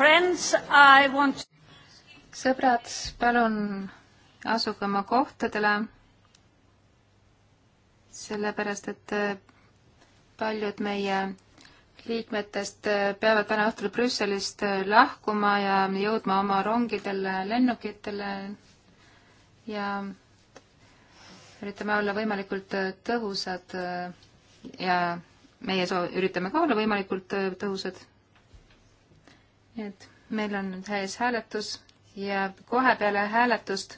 Friends, I want sõbrad, palun asuge oma kohtadele, sellepärast et eh, paljud meie liikmetest eh, peavad täna õhtul Brüsselist eh, lahkuma ja jõudma oma rongidele, lennukitele ja üritame olla võimalikult tõhusad ja meie soov, üritame ka olla võimalikult tõhusad nii et meil on nüüd ees hääletus ja kohe peale hääletust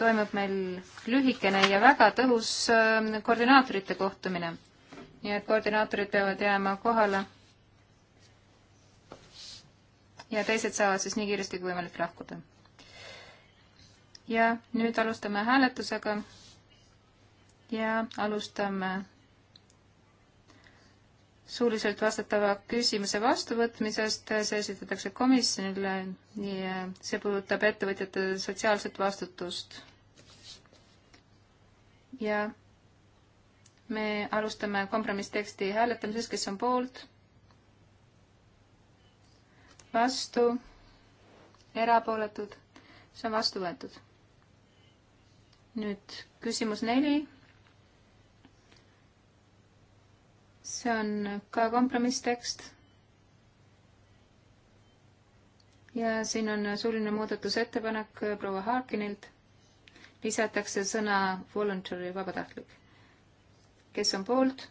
toimub meil lühikene ja väga tõhus ähm, koordinaatorite kohtumine. nii et koordinaatorid peavad jääma kohale. ja teised saavad siis nii kiiresti kui võimalik lahkuda. ja nüüd alustame hääletusega. ja alustame suuliselt vastatava küsimuse vastuvõtmisest, see esitatakse komisjonile, nii see puudutab ettevõtjate sotsiaalset vastutust. ja me alustame kompromissteksti hääletamisest, kes on poolt, vastu, erapooletud, see on vastu võetud. nüüd küsimus neli see on ka kompromisstekst. ja siin on suuline muudatusettepanek proua Harkinilt. lisatakse sõna voluntary, vabatahtlik. kes on poolt?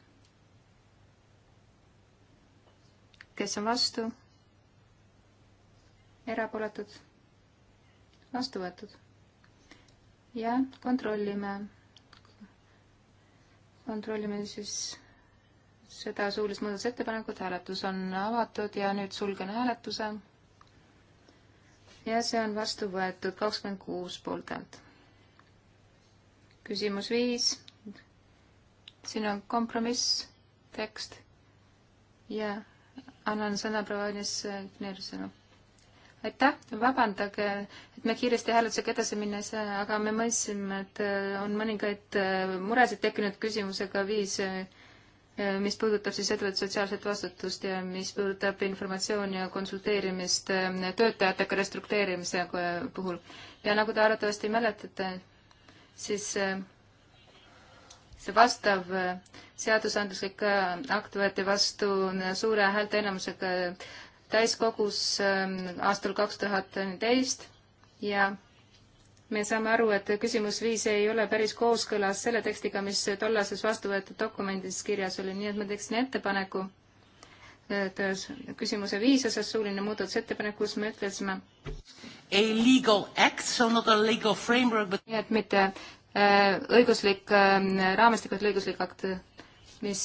kes on vastu? erapooletud? vastu võetud. ja kontrollime, kontrollime siis seda suulist muudatusettepanekut, hääletus on avatud ja nüüd sulgen hääletuse. ja see on vastu võetud kakskümmend kuus poolthäält. küsimus viis. siin on kompromiss, tekst ja annan sõna Provenis Knersele. aitäh, vabandage, et me kiiresti hääletusega edasi minnes, aga me mõtlesime, et on mõningaid muresid tekkinud küsimusega viis Äh, mis puudutab siis ettevõtte sotsiaalset vastutust ja mis puudutab informatsiooni ja konsulteerimist äh, töötajatega restrukteerimise puhul. ja nagu te arvatavasti mäletate, siis äh, see vastav seadusandluslik akt võeti vastu suure häälteenamusega täiskogus aastal kaks tuhat neliteist ja me saame aru, et küsimus viis ei ole päris kooskõlas selle tekstiga, mis tollases vastu võetud dokumendis kirjas oli, nii et ma teeksin ettepaneku, et äh, küsimuse viis osas suuline muudatusettepanek, kus me ütlesime. A legal act, so not a legal framework but.... nii et mitte äh, õiguslik äh, raamistik, vaid õiguslik akt mis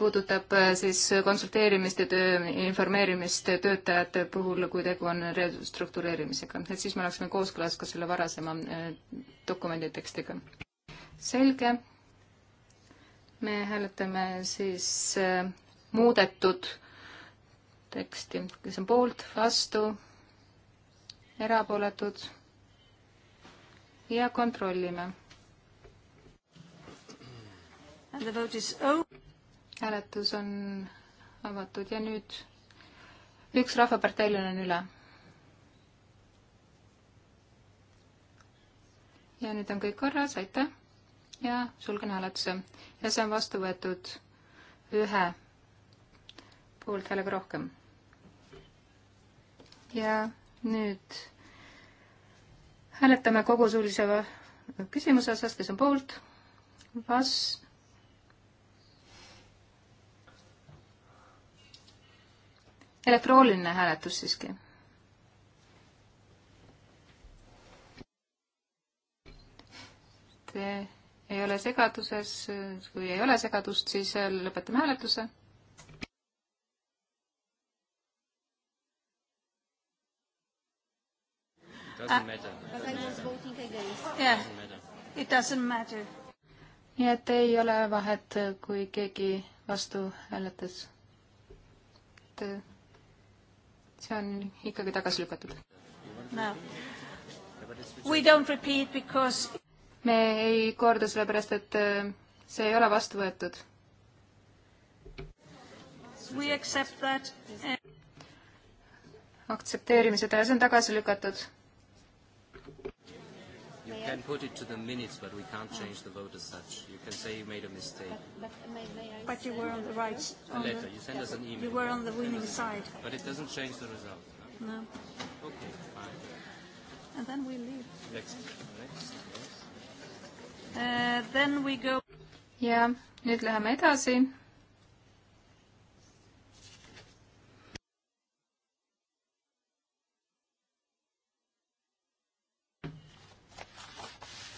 puudutab äh, siis konsulteerimist ja töö, informeerimist töötajate puhul, kui tegu on restruktureerimisega, et siis me oleksime kooskõlas ka selle varasema äh, dokumendi tekstiga. selge. me hääletame siis äh, muudetud teksti, kes on poolt, vastu, erapooletud ja kontrollime. And the vote is over hääletus on avatud ja nüüd üks rahvaparteilane on üle. ja nüüd on kõik korras, aitäh ja sulgen hääletuse ja see on vastu võetud ühe poolthäälega rohkem. ja nüüd hääletame kogu suulise küsimuse osas, kes on poolt, vastu elektrooniline hääletus siiski. Te ei ole segaduses, kui ei ole segadust, siis äh, lõpetame hääletuse. nii et ei ole vahet, kui keegi vastu hääletas. et see on ikkagi tagasi lükatud no.. We don't repeat because me ei korda sellepärast, et äh, see ei ole vastu võetud. We accept that. aktsepteerime seda ja see on tagasi lükatud You may can I? put it to the minutes, but we can't change the vote as such. You can say you made a mistake. But, but, may, may I but you were on the right. On a letter. The, you send yeah, us an email. You were on the winning side. But it doesn't change the result. No. no. Okay, fine. And then we leave. Next. Next. Yes. Uh, then we go. ja nüüd läheme edasi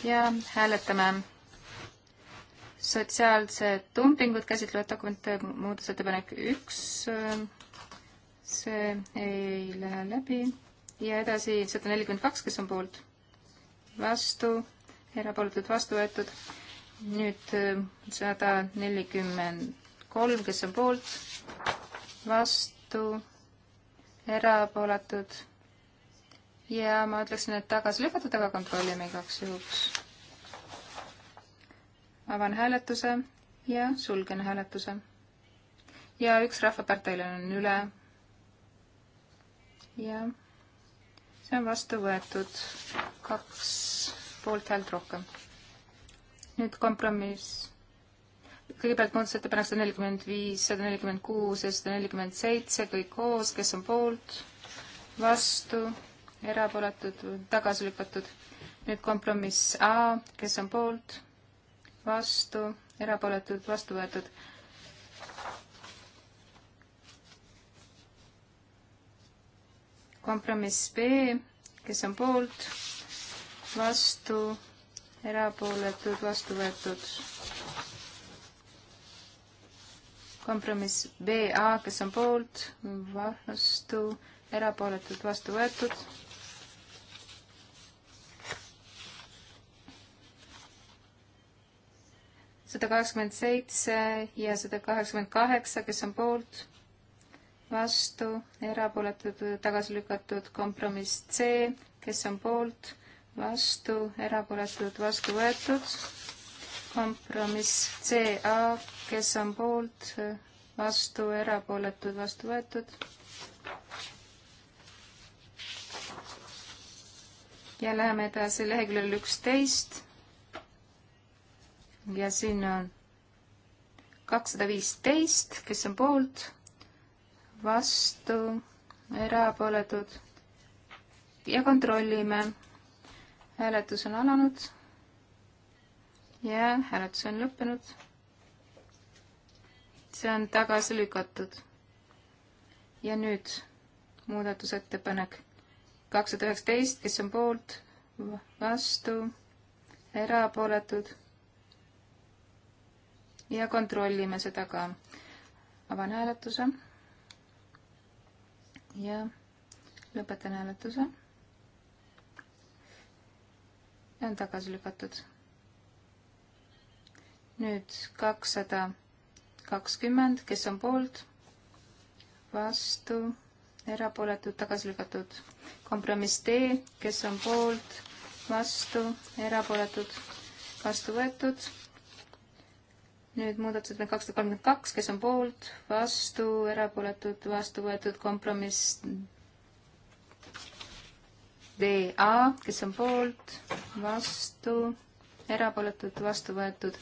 ja hääletame sotsiaalse dumpingut käsitlevat dokumente muudatusettepanek üks, see ei lähe läbi ja edasi sada nelikümmend kaks, kes on poolt, vastu, erapooletud, vastu võetud. nüüd äh, sada nelikümmend kolm, kes on poolt, vastu, erapooletud, ja ma ütleksin, et tagasi lükatud, aga kontrollime igaks juhuks. avan hääletuse ja sulgen hääletuse. ja üks rahvaparteil on üle. ja see on vastu võetud kaks poolthäält rohkem. nüüd kompromiss. kõigepealt muudatusettepanek sada nelikümmend viis, sada nelikümmend kuus ja sada nelikümmend seitse, kõik koos, kes on poolt, vastu erapooletud, tagasi lükatud. nüüd kompromiss A, kes on poolt, vastu, erapooletud, vastu võetud. kompromiss B, kes on poolt, vastu, erapooletud, vastu võetud. kompromiss BA, kes on poolt, vastu, erapooletud, vastu võetud sada kaheksakümmend seitse ja sada kaheksakümmend kaheksa, kes on poolt, vastu, erapooletud, tagasi lükatud, kompromiss C, kes on poolt, vastu, erapooletud, vastu võetud, kompromiss CA, kes on poolt, vastu, erapooletud, vastu võetud. ja läheme edasi leheküljel üksteist ja siin on kakssada viisteist, kes on poolt, vastu, erapooletud ja kontrollime. hääletus on alanud ja hääletus on lõppenud. see on tagasi lükatud. ja nüüd muudatusettepanek kakssada üheksateist, kes on poolt, vastu, erapooletud ja kontrollime seda ka. avan hääletuse ja lõpetan hääletuse. ja on tagasi lükatud. nüüd kakssada kakskümmend, kes on poolt, vastu, erapooletud, tagasi lükatud. kompromiss D, kes on poolt, vastu, erapooletud, vastu võetud nüüd muudatusettepanek kakssada kolmkümmend kaks, kes on poolt, vastu, erapooletud, vastu võetud kompromiss DA, kes on poolt, vastu, erapooletud, vastu võetud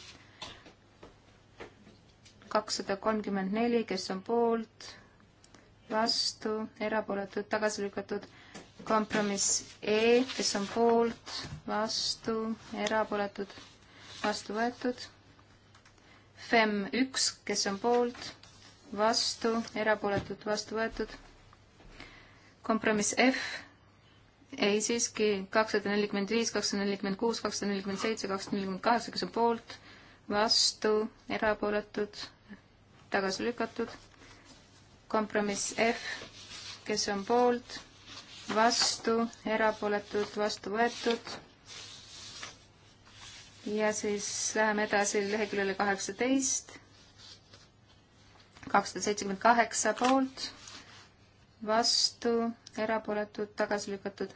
kakssada kolmkümmend neli, kes on poolt, vastu, erapooletud, tagasi lükatud kompromiss E, kes on poolt, vastu, erapooletud, vastu võetud FEM üks, kes on poolt, vastu, erapooletud, vastu võetud. kompromiss F, ei siiski, kakssada nelikümmend viis, kakssada nelikümmend kuus, kakssada nelikümmend seitse, kakssada nelikümmend kaheksa, kes on poolt, vastu, erapooletud, tagasi lükatud. kompromiss F, kes on poolt, vastu, erapooletud, vastu võetud ja siis läheme edasi leheküljele kaheksateist, kakssada seitsekümmend kaheksa poolt, vastu, erapooletud, tagasi lükatud,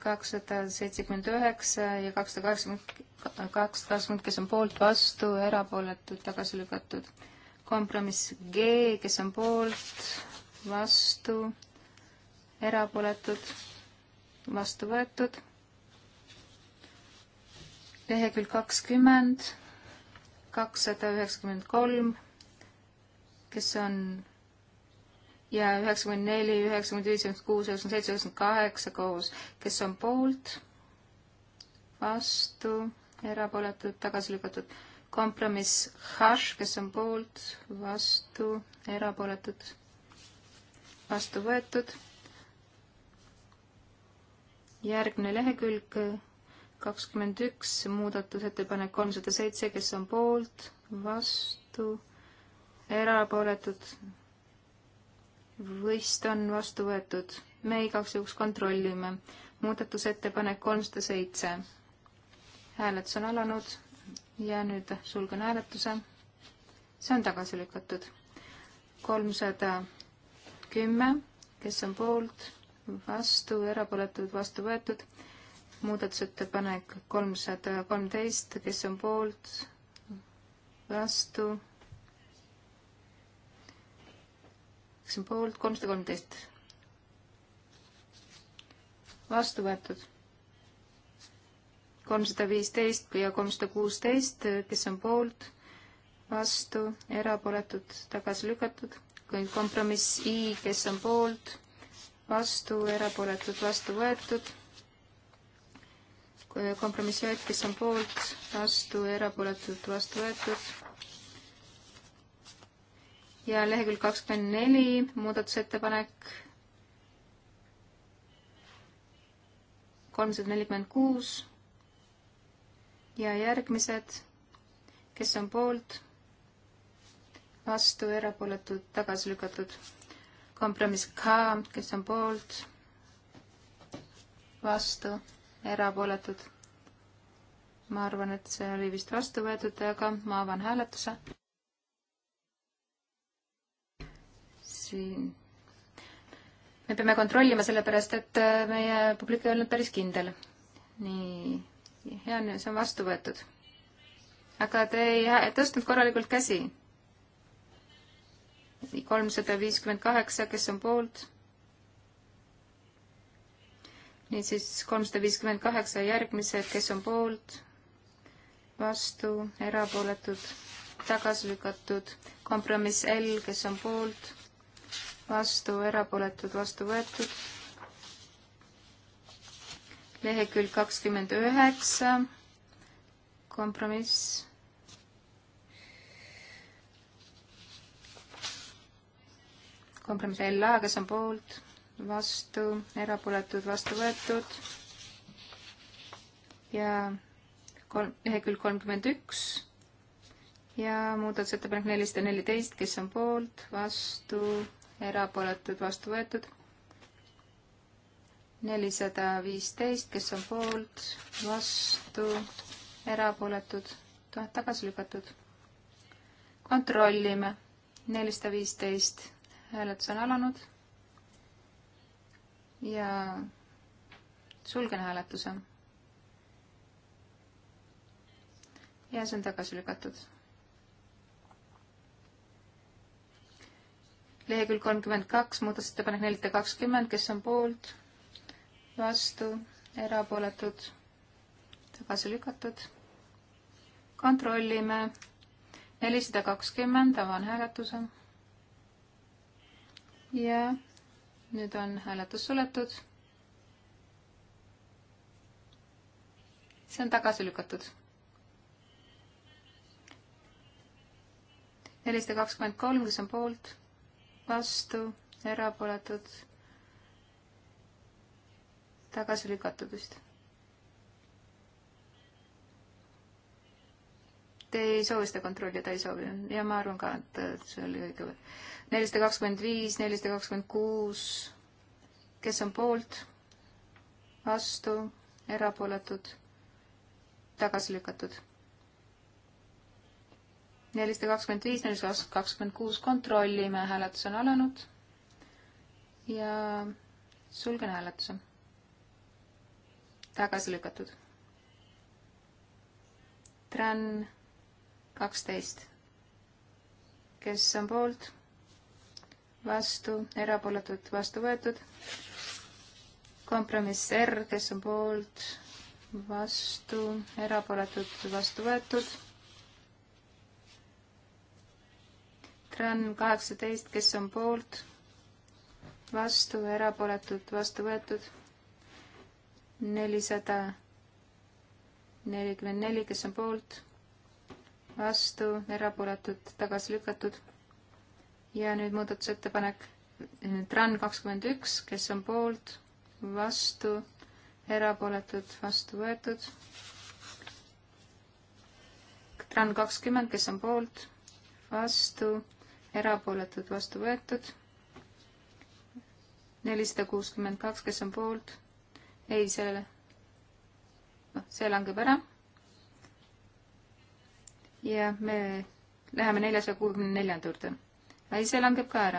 kakssada seitsekümmend üheksa ja kakssada kaheksakümmend, kakssada kakskümmend, kes on poolt, vastu, erapooletud, tagasi lükatud. kompromiss G, kes on poolt, vastu, erapooletud, vastu võetud lehekülg kakskümmend, kakssada üheksakümmend kolm, kes on ja üheksakümmend neli, üheksakümmend viis, üheksakümmend kuus, üheksakümmend seitse, üheksakümmend kaheksa koos, kes on poolt, vastu, erapooletud, tagasi lükatud. kompromiss Hash, kes on poolt, vastu, erapooletud, vastu võetud. järgmine lehekülg kakskümmend üks, muudatusettepanek kolmsada seitse, kes on poolt, vastu, erapooletud, vist on vastu võetud. me igaks juhuks kontrollime. muudatusettepanek kolmsada seitse. hääletus on alanud ja nüüd sulgen hääletuse. see on tagasi lükatud. kolmsada kümme, kes on poolt, vastu, erapooletud, vastu võetud muudatusettepanek kolmsada kolmteist, kes on poolt, vastu, kes on poolt, kolmsada kolmteist. vastu võetud. kolmsada viisteist ja kolmsada kuusteist, kes on poolt, vastu, erapooletud, tagasi lükatud. kompromiss I, kes on poolt, vastu, erapooletud, vastu võetud kompromiss ühed, kes on poolt, vastu, erapooletult vastu võetud. ja lehekülg kakskümmend neli, muudatusettepanek kolmsada nelikümmend kuus ja järgmised, kes on poolt, vastu, erapooletult tagasi lükatud. kompromiss K, kes on poolt, vastu erapooletud. ma arvan, et see oli vist vastu võetud, aga ma avan hääletuse. siin. me peame kontrollima, sellepärast et äh, meie publik ei olnud päris kindel. nii, hea on, see on vastu võetud. aga te ei tõstnud korralikult käsi. kolmsada viiskümmend kaheksa, kes on poolt niisiis kolmsada viiskümmend kaheksa järgmised, kes on poolt, vastu, erapooletud, tagasi lükatud, kompromiss L, kes on poolt, vastu, erapooletud, vastu võetud. lehekülg kakskümmend üheksa, kompromiss. kompromiss LA, kes on poolt vastu, erapooletud, vastu võetud ja kolm, lehekülg kolmkümmend üks ja muudatusettepanek nelisada neliteist, kes on poolt, vastu, erapooletud, vastu võetud. nelisada viisteist, kes on poolt, vastu, erapooletud, tagasi lükatud. kontrollime. nelisada viisteist, hääletus on alanud ja sulgen hääletuse. ja see on tagasi lükatud. lehekülg kolmkümmend kaks, muudatusettepanek nelisada kakskümmend, kes on poolt, vastu, erapooletud, tagasi lükatud. kontrollime. nelisada kakskümmend, avan hääletuse. ja nüüd on hääletus suletud. see on tagasi lükatud. nelisada kakskümmend kolm, kes on poolt, vastu, erapooletud, tagasi lükatud vist. Te ei soovi seda kontrollida, ei soovi ja ma arvan ka, et see oli õige nelisada kakskümmend viis, nelisada kakskümmend kuus, kes on poolt, vastu, erapooletud, tagasi lükatud. nelisada kakskümmend viis, nelisada kakskümmend kuus, kontrollime, hääletus on alanud ja sulgen hääletuse. tagasi lükatud. Tran kaksteist. kes on poolt? vastu, erapooletud, vastu võetud. kompromiss R, kes on poolt, vastu, erapooletud, vastu võetud. TRAN kaheksateist, kes on poolt, vastu, erapooletud, vastu võetud. nelisada nelikümmend neli, kes on poolt, vastu, erapooletud, tagasi lükatud ja nüüd muudatusettepanek eh, TRAN kakskümmend üks, kes on poolt, vastu, erapooletud, vastu võetud. TRAN kakskümmend, kes on poolt, vastu, erapooletud, vastu võetud. nelisada kuuskümmend kaks, kes on poolt, ei, see, noh, see langeb ära ja me läheme neljasaja kuuekümne neljanda juurde ei, see langeb ka ära.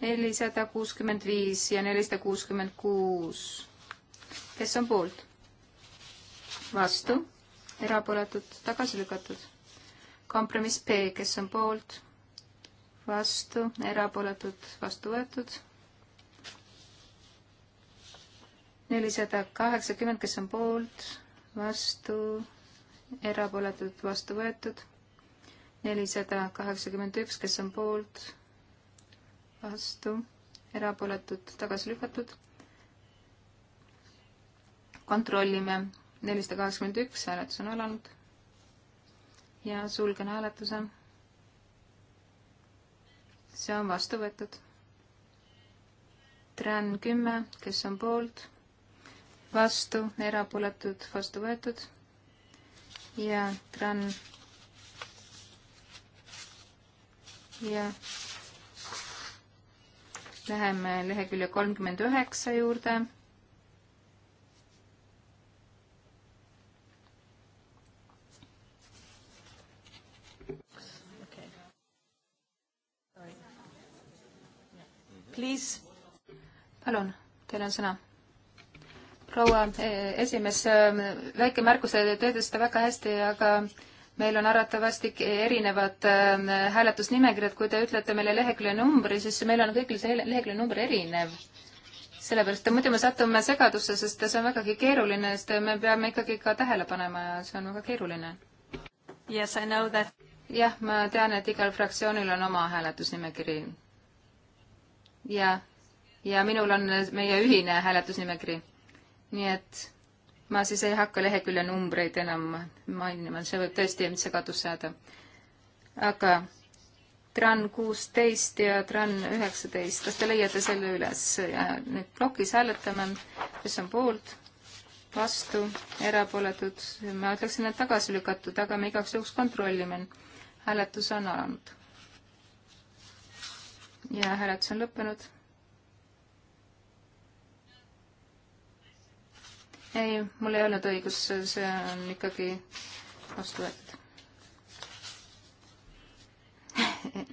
nelisada kuuskümmend viis ja nelisada kuuskümmend kuus. kes on poolt? vastu, erapooletud, tagasi lükatud. kompromiss B, kes on poolt? vastu, erapooletud, vastu võetud nelisada kaheksakümmend, kes on poolt, vastu, erapooletud, vastu võetud nelisada kaheksakümmend üks, kes on poolt, vastu, erapooletud, tagasi lükatud. kontrollime, nelisada kaheksakümmend üks, hääletus on alanud. ja sulgen hääletuse. see on vastu võetud. Tran kümme, kes on poolt, vastu, erapooletud, vastu võetud ja Tran ja läheme lehekülje kolmkümmend üheksa juurde. Please. palun, teil on sõna proua eh, esimees, eh, väike märkus, te teete seda väga hästi, aga meil on arvatavasti erinevad ähm, hääletusnimekirjad, kui te ütlete meile lehekülje numbri, siis meil on kõigil see lehekülje number erinev. sellepärast, et muidu me satume segadusse, sest see on vägagi keeruline, sest me peame ikkagi ka tähele panema ja see on väga keeruline. Yes, I know that. jah, ma tean, et igal fraktsioonil on oma hääletusnimekiri. ja, ja minul on meie ühine hääletusnimekiri. nii et ma siis ei hakka lehekülje numbreid enam mainima, see võib tõesti segadusse jääda. aga TRAN kuusteist ja TRAN üheksateist, kas te leiate selle üles ja nüüd plokis hääletame, kes on poolt, vastu, erapooletud, ma ütleksin, et tagasi lükatud, aga me igaks juhuks kontrollime. hääletus on alanud. ja hääletus on lõppenud ei, mul ei olnud õigus, see on ikkagi vastu võetud.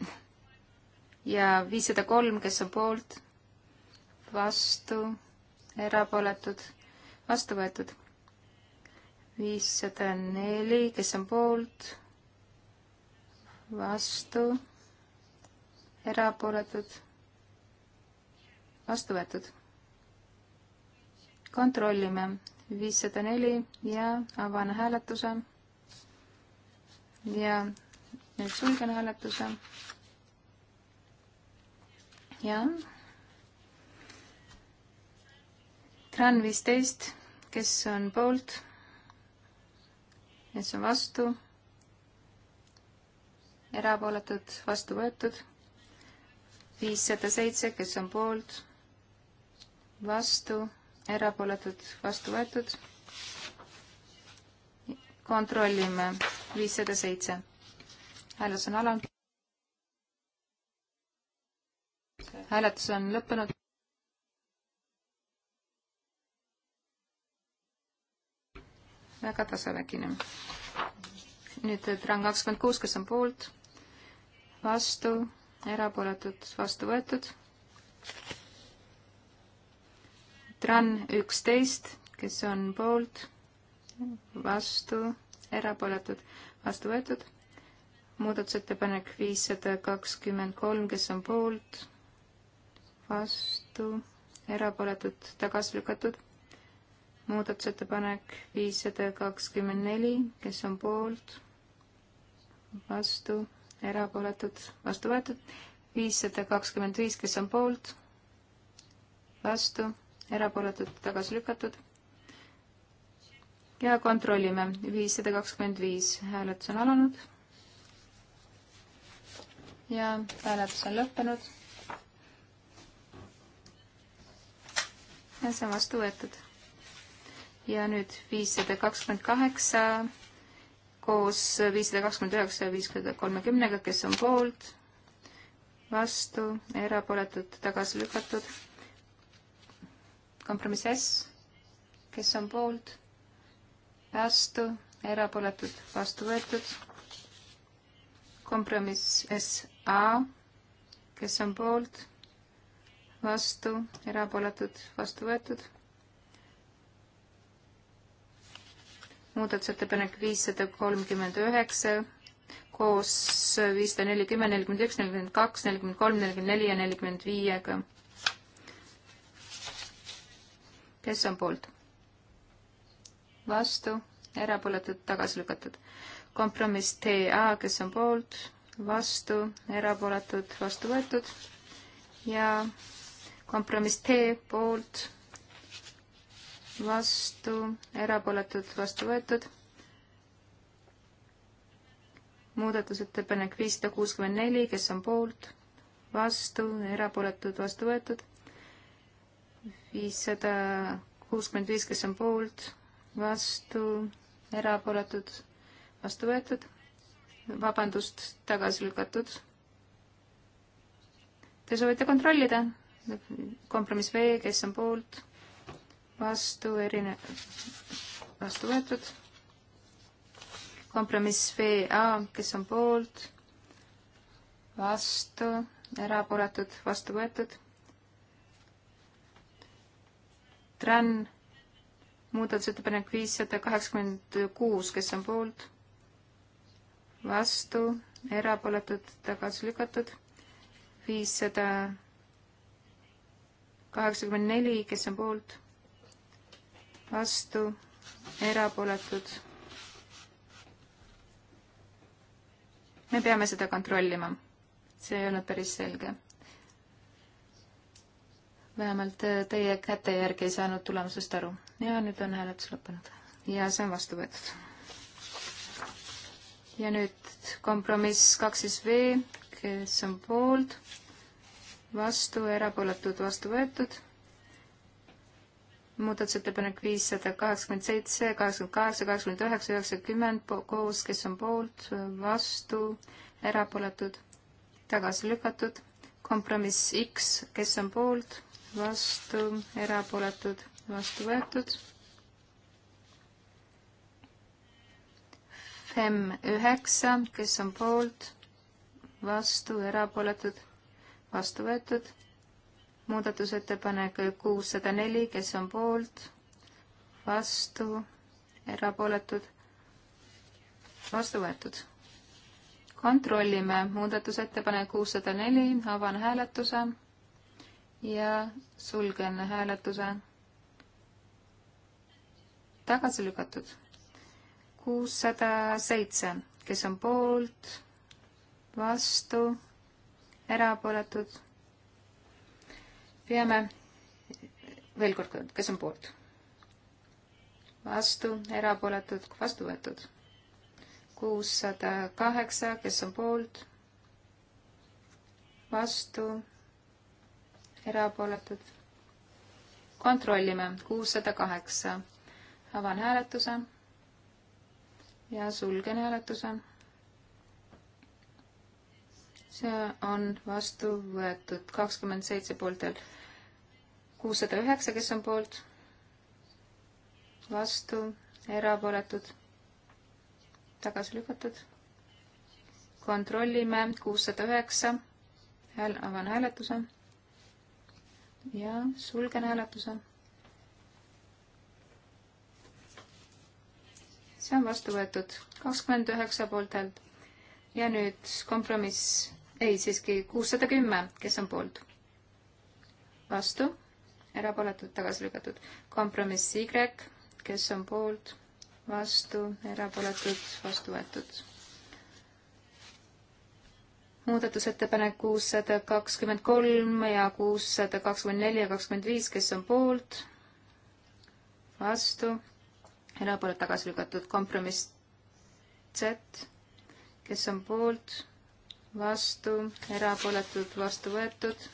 ja viissada kolm, kes on poolt, vastu, erapooletud, vastu võetud. viissada neli, kes on poolt, vastu, erapooletud, vastu võetud. kontrollime viissada neli ja avan hääletuse. ja nüüd sulgen hääletuse. ja. Tran viisteist, kes on poolt? kes on vastu? erapooletud, vastu võetud. viissada seitse, kes on poolt? vastu erapooletud, vastu võetud. kontrollime, viissada seitse. hääletus on alanud. hääletus on lõppenud. väga tasavägine. nüüd rang kakskümmend kuus, kes on poolt, vastu, erapooletud, vastu võetud. Tran üksteist, kes on poolt, vastu, erapooletud, vastu võetud. muudatusettepanek viissada kakskümmend kolm, kes on poolt, vastu, erapooletud, tagasi lükatud. muudatusettepanek viissada kakskümmend neli, kes on poolt, vastu, erapooletud, vastu võetud. viissada kakskümmend viis, kes on poolt, vastu erapooletud tagasi lükatud. ja kontrollime, viissada kakskümmend viis hääletus on alanud. ja hääletus on lõppenud. ja see on vastu võetud. ja nüüd viissada kakskümmend kaheksa koos viissada kakskümmend üheksa ja viissada kolmekümnega, kes on poolt, vastu, erapooletud, tagasi lükatud kompromiss S, kes on poolt, vastu, erapooletud, vastu võetud. kompromiss SA, kes on poolt, vastu, erapooletud, vastu võetud. muudatusettepanek viissada kolmkümmend üheksa koos viissada nelikümmend, nelikümmend üks, nelikümmend kaks, nelikümmend kolm, nelikümmend neli ja nelikümmend viiega kes on poolt? vastu, erapooletud, tagasi lükatud. kompromiss TA, kes on poolt, vastu, erapooletud, vastu võetud ja kompromiss T poolt, vastu, erapooletud, vastu võetud. muudatusettepanek viissada kuuskümmend neli, kes on poolt, vastu, erapooletud, vastu võetud viissada kuuskümmend viis, kes on poolt, vastu, erapooletud, vastu võetud, vabandust, tagasi lükatud. Te soovite kontrollida? kompromiss V, kes on poolt, vastu, erine-, vastu võetud. kompromiss VA, kes on poolt, vastu, erapooletud, vastu võetud Tran muudatusettepanek viissada kaheksakümmend kuus, kes on poolt, vastu, erapooletud, tagasi lükatud, viissada kaheksakümmend neli, kes on poolt, vastu, erapooletud. me peame seda kontrollima, see ei olnud päris selge vähemalt äh, teie käte järgi ei saanud tulemusest aru. ja nüüd on hääletus lõppenud ja see on vastu võetud. ja nüüd kompromiss kaks siis V, kes on poolt, vastu, erapooletud, vastu võetud. muudatusettepanek viissada kaheksakümmend seitse, kaheksakümmend kaheksa, kaheksakümmend üheksa, üheksakümmend koos, kes on poolt, vastu, erapooletud, tagasi lükatud. kompromiss X, kes on poolt vastu, erapooletud, vastu võetud. FEM üheksa, kes on poolt, vastu, erapooletud, vastu võetud. muudatusettepanek kuussada neli, kes on poolt, vastu, erapooletud, vastu võetud. kontrollime muudatusettepanek kuussada neli, avan hääletuse ja sulgen hääletuse. tagasi lükatud. kuussada seitse, kes on poolt, vastu, erapooletud. peame veel kord, kes on poolt? vastu, erapooletud, vastu võetud. kuussada kaheksa, kes on poolt? vastu erapooletud. kontrollime, kuussada kaheksa. avan hääletuse ja sulgen hääletuse. see on vastu võetud kakskümmend seitse pooltel. kuussada üheksa, kes on poolt? vastu, erapooletud, tagasi lükatud. kontrollime, kuussada üheksa, hääl, avan hääletuse ja sulgen hääletuse. see on vastu võetud kakskümmend üheksa poolthäält ja nüüd kompromiss, ei siiski kuussada kümme, kes on poolt? vastu, erapooletud, tagasi lükatud. kompromiss Y, kes on poolt? vastu, erapooletud, vastu võetud muudatusettepanek kuussada kakskümmend kolm ja kuussada kakskümmend neli ja kakskümmend viis, kes on poolt, vastu, erapooletu tagasi lükatud kompromiss Z, kes on poolt, vastu, erapooletud, vastu võetud.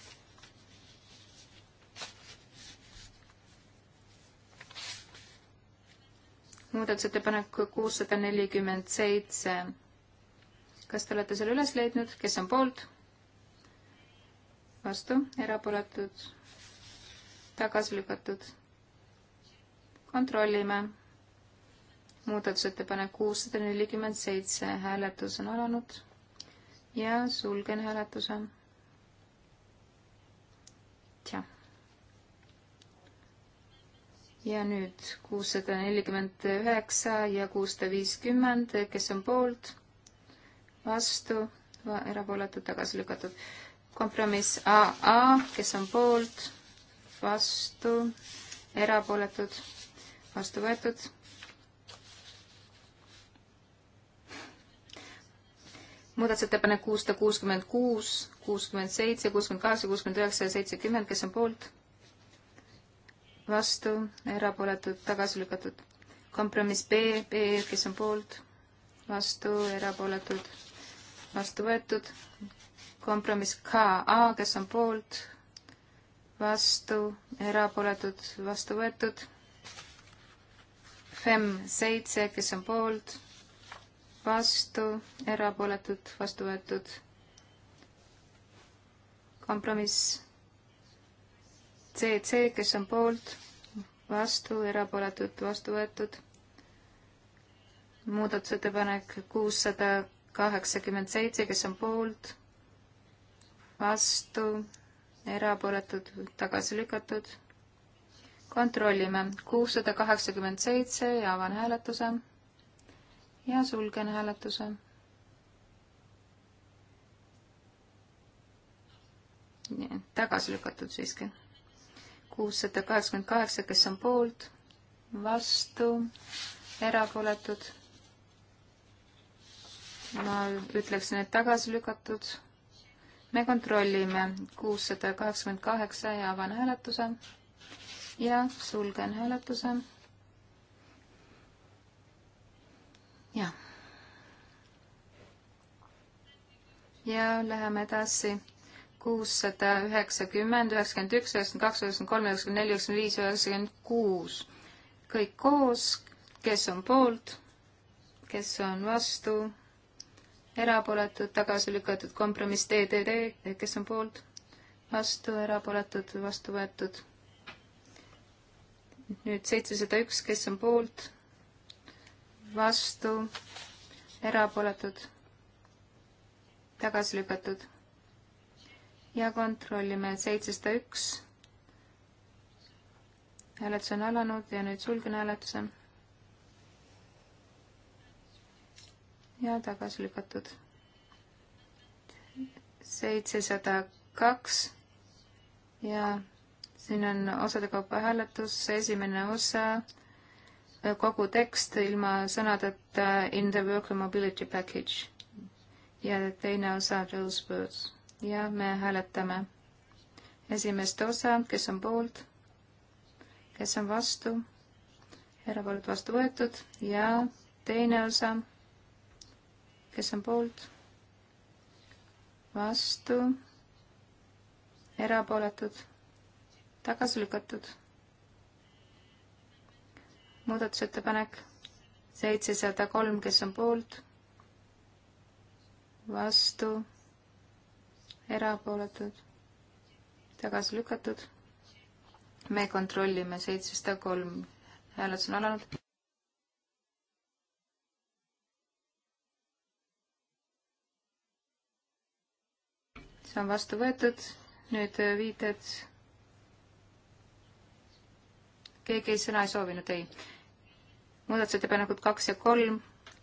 muudatusettepanek kuussada nelikümmend seitse kas te olete selle üles leidnud, kes on poolt? vastu, erapooletud, tagasi lükatud. kontrollime. muudatusettepanek kuussada nelikümmend seitse, hääletus on alanud ja sulgen hääletuse. tšah. ja nüüd kuussada nelikümmend üheksa ja kuussada viiskümmend, kes on poolt vastu, erapooletud, tagasi lükatud. kompromiss AA, kes on poolt, vastu, erapooletud, vastu võetud. muudatusettepanek kuussada kuuskümmend kuus, kuuskümmend seitse, kuuskümmend kaheksa, kuuskümmend üheksa ja seitsekümmend, kes on poolt, vastu, erapooletud, tagasi lükatud. kompromiss B, B, kes on poolt, vastu, erapooletud vastu võetud. kompromiss KA, kes on poolt, vastu, erapooletud, vastu võetud. FEM seitse, kes on poolt, vastu, erapooletud, vastu võetud. kompromiss CC, kes on poolt, vastu, erapooletud, vastu võetud muudatusettepanek kuussada kaheksakümmend seitse, kes on poolt, vastu, erapooletud, tagasi lükatud. kontrollime, kuussada kaheksakümmend seitse ja avan hääletuse ja sulgen hääletuse. tagasi lükatud siiski. kuussada kaheksakümmend kaheksa, kes on poolt, vastu, erapooletud ma ütleksin, et tagasi lükatud. me kontrollime kuussada kaheksakümmend kaheksa ja avan hääletuse ja sulgen hääletuse. jah. ja läheme edasi. kuussada üheksakümmend, üheksakümmend üks, üheksakümmend kaks, üheksakümmend kolm, üheksakümmend neli, üheksakümmend viis, üheksakümmend kuus. kõik koos, kes on poolt, kes on vastu erapooletud, tagasi lükatud, kompromiss DDD, kes on poolt, vastu, erapooletud, vastu võetud. nüüd seitsesada üks, kes on poolt, vastu, erapooletud, tagasi lükatud. ja kontrollime seitsesada üks. hääletus on alanud ja nüüd sulgen hääletuse ja tagasi lükatud. seitsesada kaks ja siin on osade kaupa hääletus, esimene osa, kogu tekst ilma sõnadeta in the worker mobility package ja teine osa those words ja me hääletame esimest osa, kes on poolt, kes on vastu, erapoolt vastu võetud ja teine osa kes on poolt, vastu, erapooletud, tagasi lükatud. muudatusettepanek seitsesada kolm, kes on poolt, vastu, erapooletud, tagasi lükatud. me kontrollime seitsesada kolm, hääletus on alanud. see on vastu võetud, nüüd äh, viited. keegi ei sõna ei soovinud, ei. muudatusettepanekud kaks ja kolm,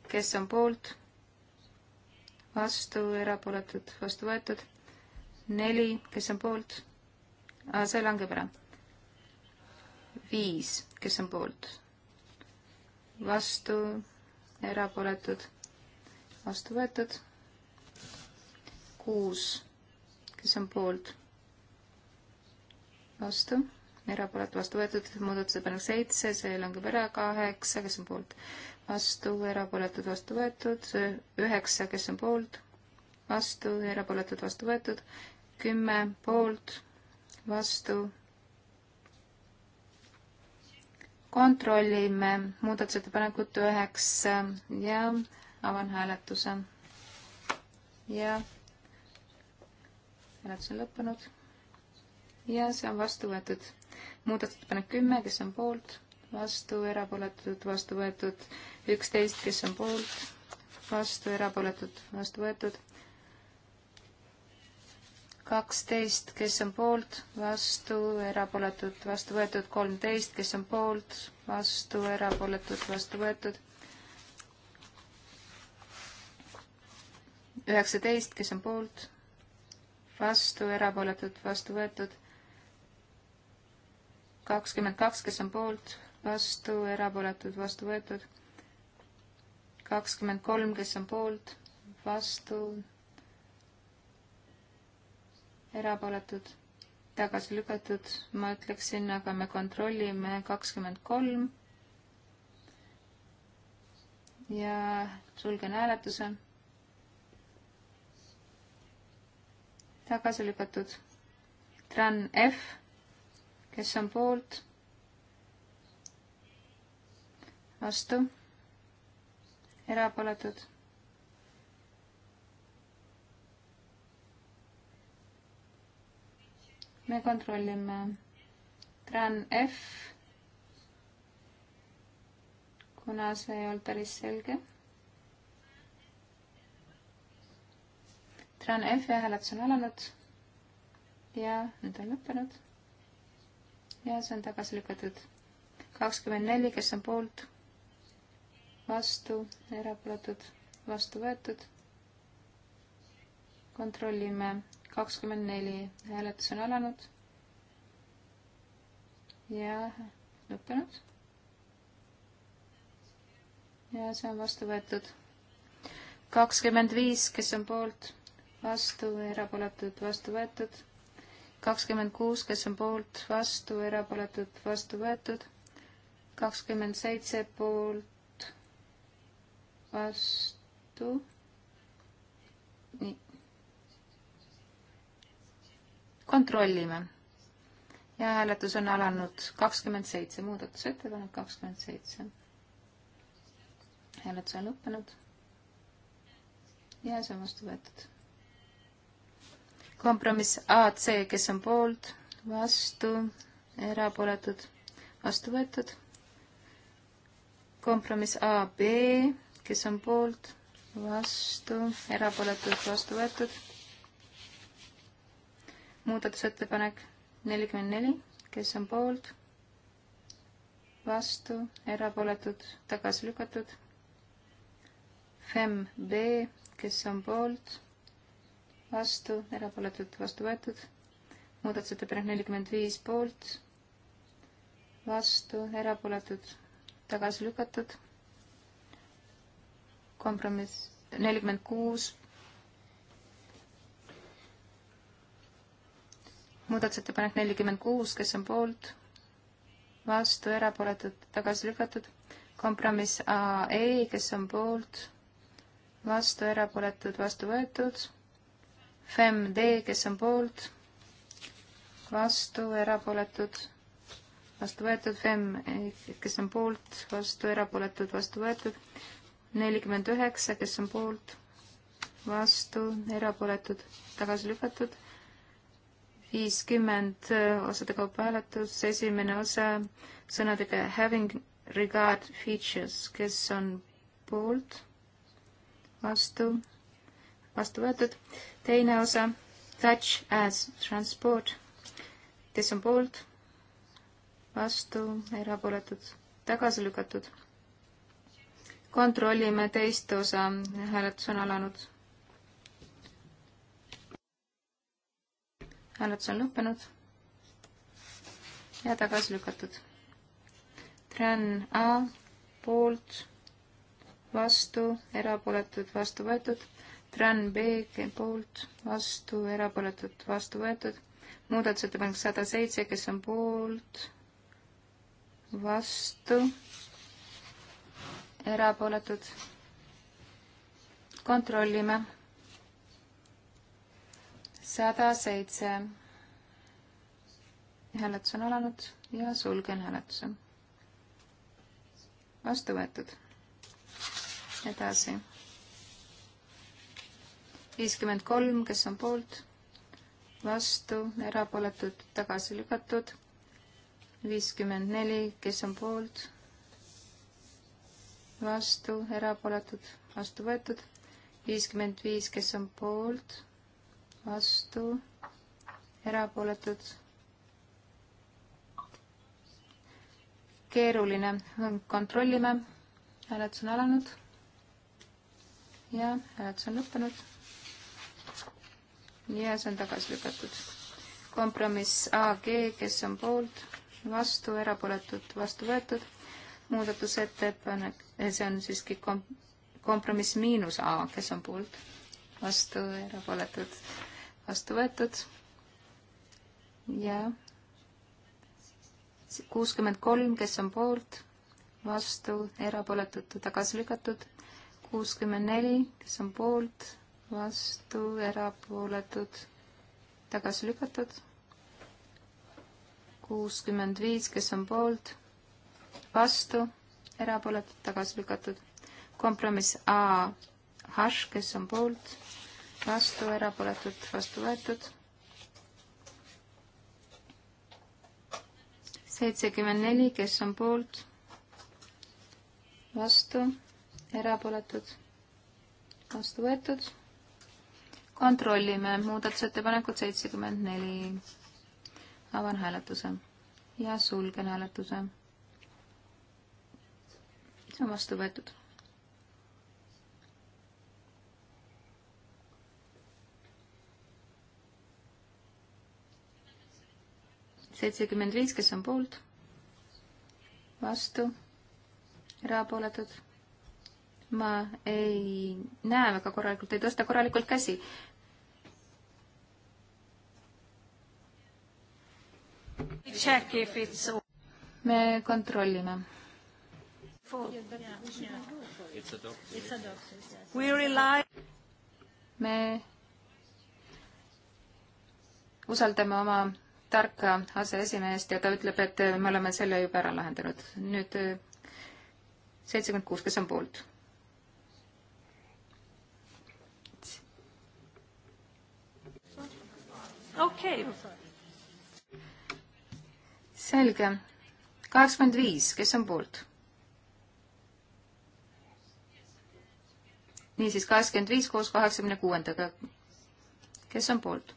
kes on poolt? vastu, erapooletud, vastu võetud. neli, kes on poolt? see langeb ära. viis, kes on poolt? vastu, erapooletud, vastu võetud. kuus kes on poolt? vastu, erapooletu vastu võetud, muudatusettepanek seitse, see langeb ära, kaheksa, kes on poolt? vastu, erapooletud vastu võetud, üheksa, kes on poolt? vastu, erapooletud vastu võetud, kümme poolt, vastu. kontrollime muudatusettepanekut üheksa ja avan hääletuse. ja hääletus on lõppenud ja see on vastu võetud. muudatusettepanek kümme, kes on poolt, vastu, erapooletud, vastu võetud, üksteist, kes on poolt, vastu, erapooletud, vastu võetud, kaksteist, kes on poolt, vastu, erapooletud, vastu võetud, kolmteist, kes on poolt, vastu, erapooletud, vastu võetud üheksateist, kes on poolt, vastu, erapooletud, vastu võetud. kakskümmend kaks, kes on poolt, vastu, erapooletud, vastu võetud. kakskümmend kolm, kes on poolt, vastu, erapooletud, tagasi lükatud, ma ütleksin, aga me kontrollime kakskümmend kolm. ja sulgen hääletuse tagasi lükatud. Tran F, kes on poolt, vastu, erapooletud. me kontrollime. Tran F, kuna see ei olnud päris selge Tran F hääletus on alanud ja nüüd on lõppenud. ja see on tagasi lükatud. kakskümmend neli, kes on poolt, vastu, erapooletud, vastu võetud. kontrollime, kakskümmend neli, hääletus on alanud ja lõppenud. ja see on vastu võetud. kakskümmend viis, kes on poolt vastu, erapooletud, vastu võetud. kakskümmend kuus, kes on poolt, vastu, erapooletud, vastu võetud. kakskümmend seitse poolt, vastu. nii. kontrollime. ja hääletus on alanud kakskümmend seitse, muudatusettepanek kakskümmend seitse. hääletus on lõppenud ja see on vastu võetud kompromiss AC, kes on poolt, vastu, erapooletud, vastu võetud. kompromiss AB, kes on poolt, vastu, erapooletud, vastu võetud. muudatusettepanek nelikümmend neli, kes on poolt, vastu, erapooletud, tagasi lükatud. FEM B, kes on poolt vastu, erapooletud, vastu võetud. muudatusettepanek nelikümmend viis poolt, vastu, erapooletud, tagasi lükatud. kompromiss nelikümmend kuus. muudatusettepanek nelikümmend kuus, kes on poolt, vastu, erapooletud, tagasi lükatud. kompromiss A, E, kes on poolt, vastu, erapooletud, vastu võetud FEM-D, kes on poolt, vastu, erapooletud, vastu võetud, FEM, e, kes on poolt, vastu, erapooletud, vastu võetud, nelikümmend üheksa, kes on poolt, vastu, erapooletud, tagasi lükatud, viiskümmend eh, osade kaupa hääletus, esimene osa sõnadega having regard features, kes on poolt, vastu, vastu võetud. teine osa such as transport, kes on poolt, vastu, erapooletud, tagasi lükatud. kontrollime teist osa, hääletus on alanud. hääletus on lõppenud ja tagasi lükatud. Tran A poolt, vastu, erapooletud, vastu võetud Tran B poolt, vastu, erapooletud, vastu võetud. muudatusettepanek sada seitse, kes on poolt, vastu, erapooletud. kontrollime. sada seitse. hääletus on alanud ja sulgen hääletuse. vastu võetud. edasi viiskümmend kolm, kes on poolt, vastu, erapooletud, tagasi lükatud. viiskümmend neli, kes on poolt, vastu, erapooletud, vastu võetud. viiskümmend viis, kes on poolt, vastu, erapooletud keeruline. kontrollime. hääletus on alanud. ja hääletus on lõppenud ja see on tagasi lükatud. kompromiss AG, kes on poolt, vastu, erapooletud, vastu võetud. muudatusettepanek, eh, see on siiski kom-, kompromiss miinus A, kes on poolt, vastu, erapooletud, vastu võetud. ja kuuskümmend kolm, kes on poolt, vastu, erapooletud, tagasi lükatud. kuuskümmend neli, kes on poolt vastu, erapooletud, tagasi lükatud. kuuskümmend viis, kes on poolt, vastu, erapooletud, tagasi lükatud. kompromiss A, H, kes on poolt, vastu, erapooletud, vastu võetud. seitsekümmend neli, kes on poolt, vastu, erapooletud, vastu võetud kontrollime muudatusettepanekut seitsekümmend neli. avan hääletuse ja sulgen hääletuse. see on vastu võetud. seitsekümmend viis, kes on poolt, vastu, erapooletud ma ei näe väga korralikult, ei tõsta korralikult käsi. me kontrollime. me usaldame oma tarka aseesimeest ja ta ütleb, et me oleme selle juba ära lahendanud. nüüd äh, seitsekümmend kuus, kes on poolt? okei okay selge. kaheksakümmend viis, kes on poolt? niisiis, kaheksakümmend viis koos kaheksakümne kuuendaga. kes on poolt?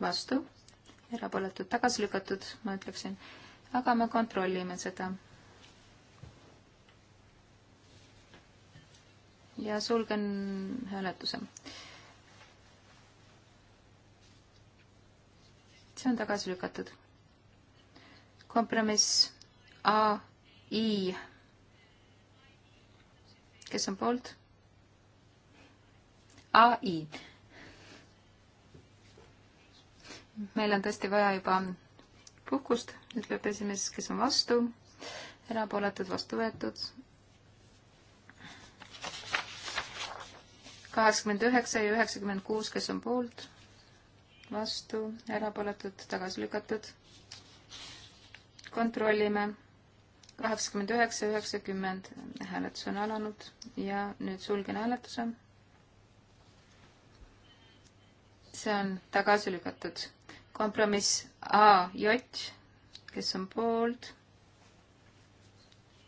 vastu, erapooletud, tagasi lükatud, ma ütleksin. aga me kontrollime seda. ja sulgen hääletuse. see on tagasi lükatud. kompromiss ai. kes on poolt? ai. meil on tõesti vaja juba puhkust, ütleb esimees, kes on vastu, erapooletud, vastu võetud. kaheksakümmend üheksa ja üheksakümmend kuus, kes on poolt vastu, erapooletud, tagasi lükatud. kontrollime. kaheksakümmend üheksa, üheksakümmend hääletus on alanud ja nüüd sulgen hääletuse. see on tagasi lükatud. kompromiss A J, kes on poolt,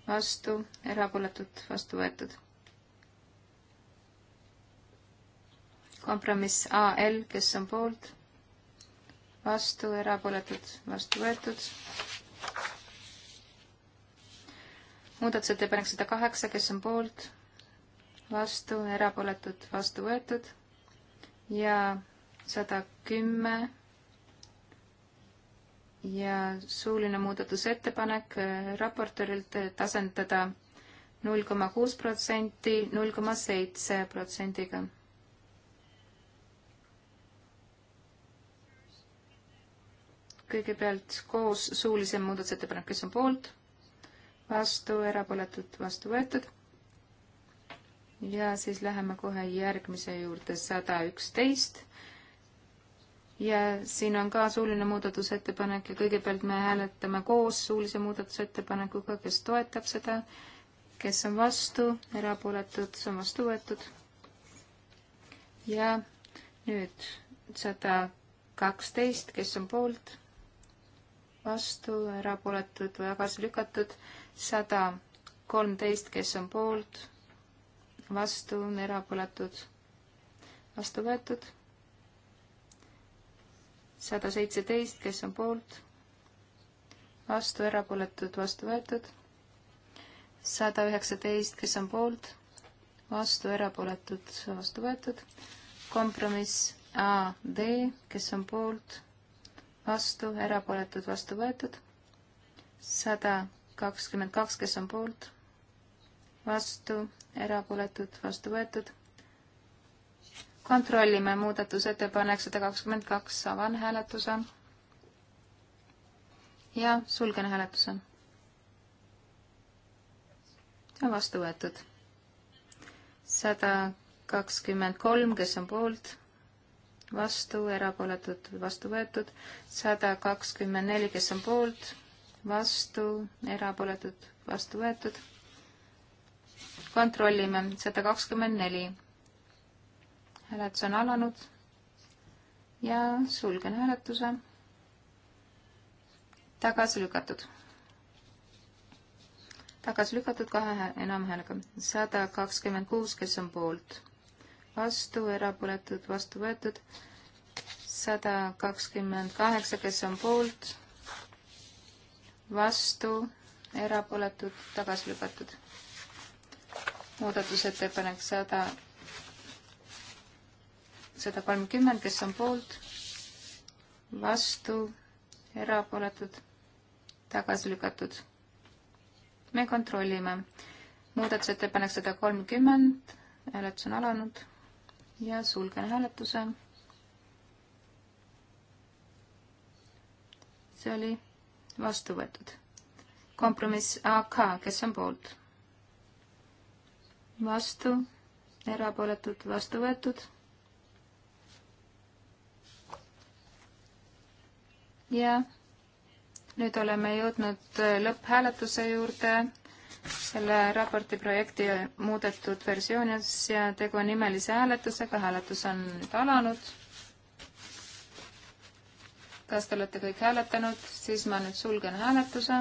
vastu, erapooletud, vastu võetud kompromiss AL, kes on poolt, vastu, erapooletud, vastu võetud. muudatusettepanek sada kaheksa, kes on poolt, vastu, erapooletud, vastu võetud ja sada kümme ja suuline muudatusettepanek äh, raportöörilt, et äh, asendada null koma kuus protsenti null koma seitse protsendiga kõigepealt koos suulise muudatusettepanek, kes on poolt, vastu, erapooletud, vastu võetud. ja siis läheme kohe järgmise juurde, sada üksteist. ja siin on ka suuline muudatusettepanek ja kõigepealt me hääletame koos suulise muudatusettepanekuga, kes toetab seda, kes on vastu, erapooletud, see on vastu võetud. ja nüüd sada kaksteist, kes on poolt, vastu, erapooletud või tagasi lükatud, sada kolmteist, kes on poolt, vastu, erapooletud, vastu võetud, sada seitseteist, kes on poolt, vastu, erapooletud, vastu võetud, sada üheksateist, kes on poolt, vastu, erapooletud, vastu võetud, kompromiss A, D, kes on poolt vastu, erapooletud, vastu võetud. sada kakskümmend kaks, kes on poolt, vastu, erapooletud, vastu võetud. kontrollime muudatusettepanek sada kakskümmend kaks, avan hääletuse. ja sulgen hääletuse. ja vastu võetud. sada kakskümmend kolm, kes on poolt vastu, erapooletud, vastu võetud, sada kakskümmend neli, kes on poolt, vastu, erapooletud, vastu võetud. kontrollime, sada kakskümmend neli. hääletus on alanud ja sulgen hääletuse. tagasi lükatud. tagasi lükatud kahe enamhäälega, sada kakskümmend kuus, kes on poolt vastu, erapooletud vastu võetud. sada kakskümmend kaheksa, kes on poolt, vastu, erapooletud, tagasi lükatud. muudatusettepanek sada, sada kolmkümmend, kes on poolt, vastu, erapooletud, tagasi lükatud. me kontrollime muudatusettepanek sada kolmkümmend, hääletus on alanud ja sulgen hääletuse. see oli vastu võetud. kompromiss AK, kes on poolt? vastu, erapooletud, vastu võetud. ja nüüd oleme jõudnud lõpphääletuse juurde selle raporti projekti muudetud versioonis ja tegu on nimelise hääletusega, hääletus on nüüd alanud. kas te olete kõik hääletanud, siis ma nüüd sulgen hääletuse.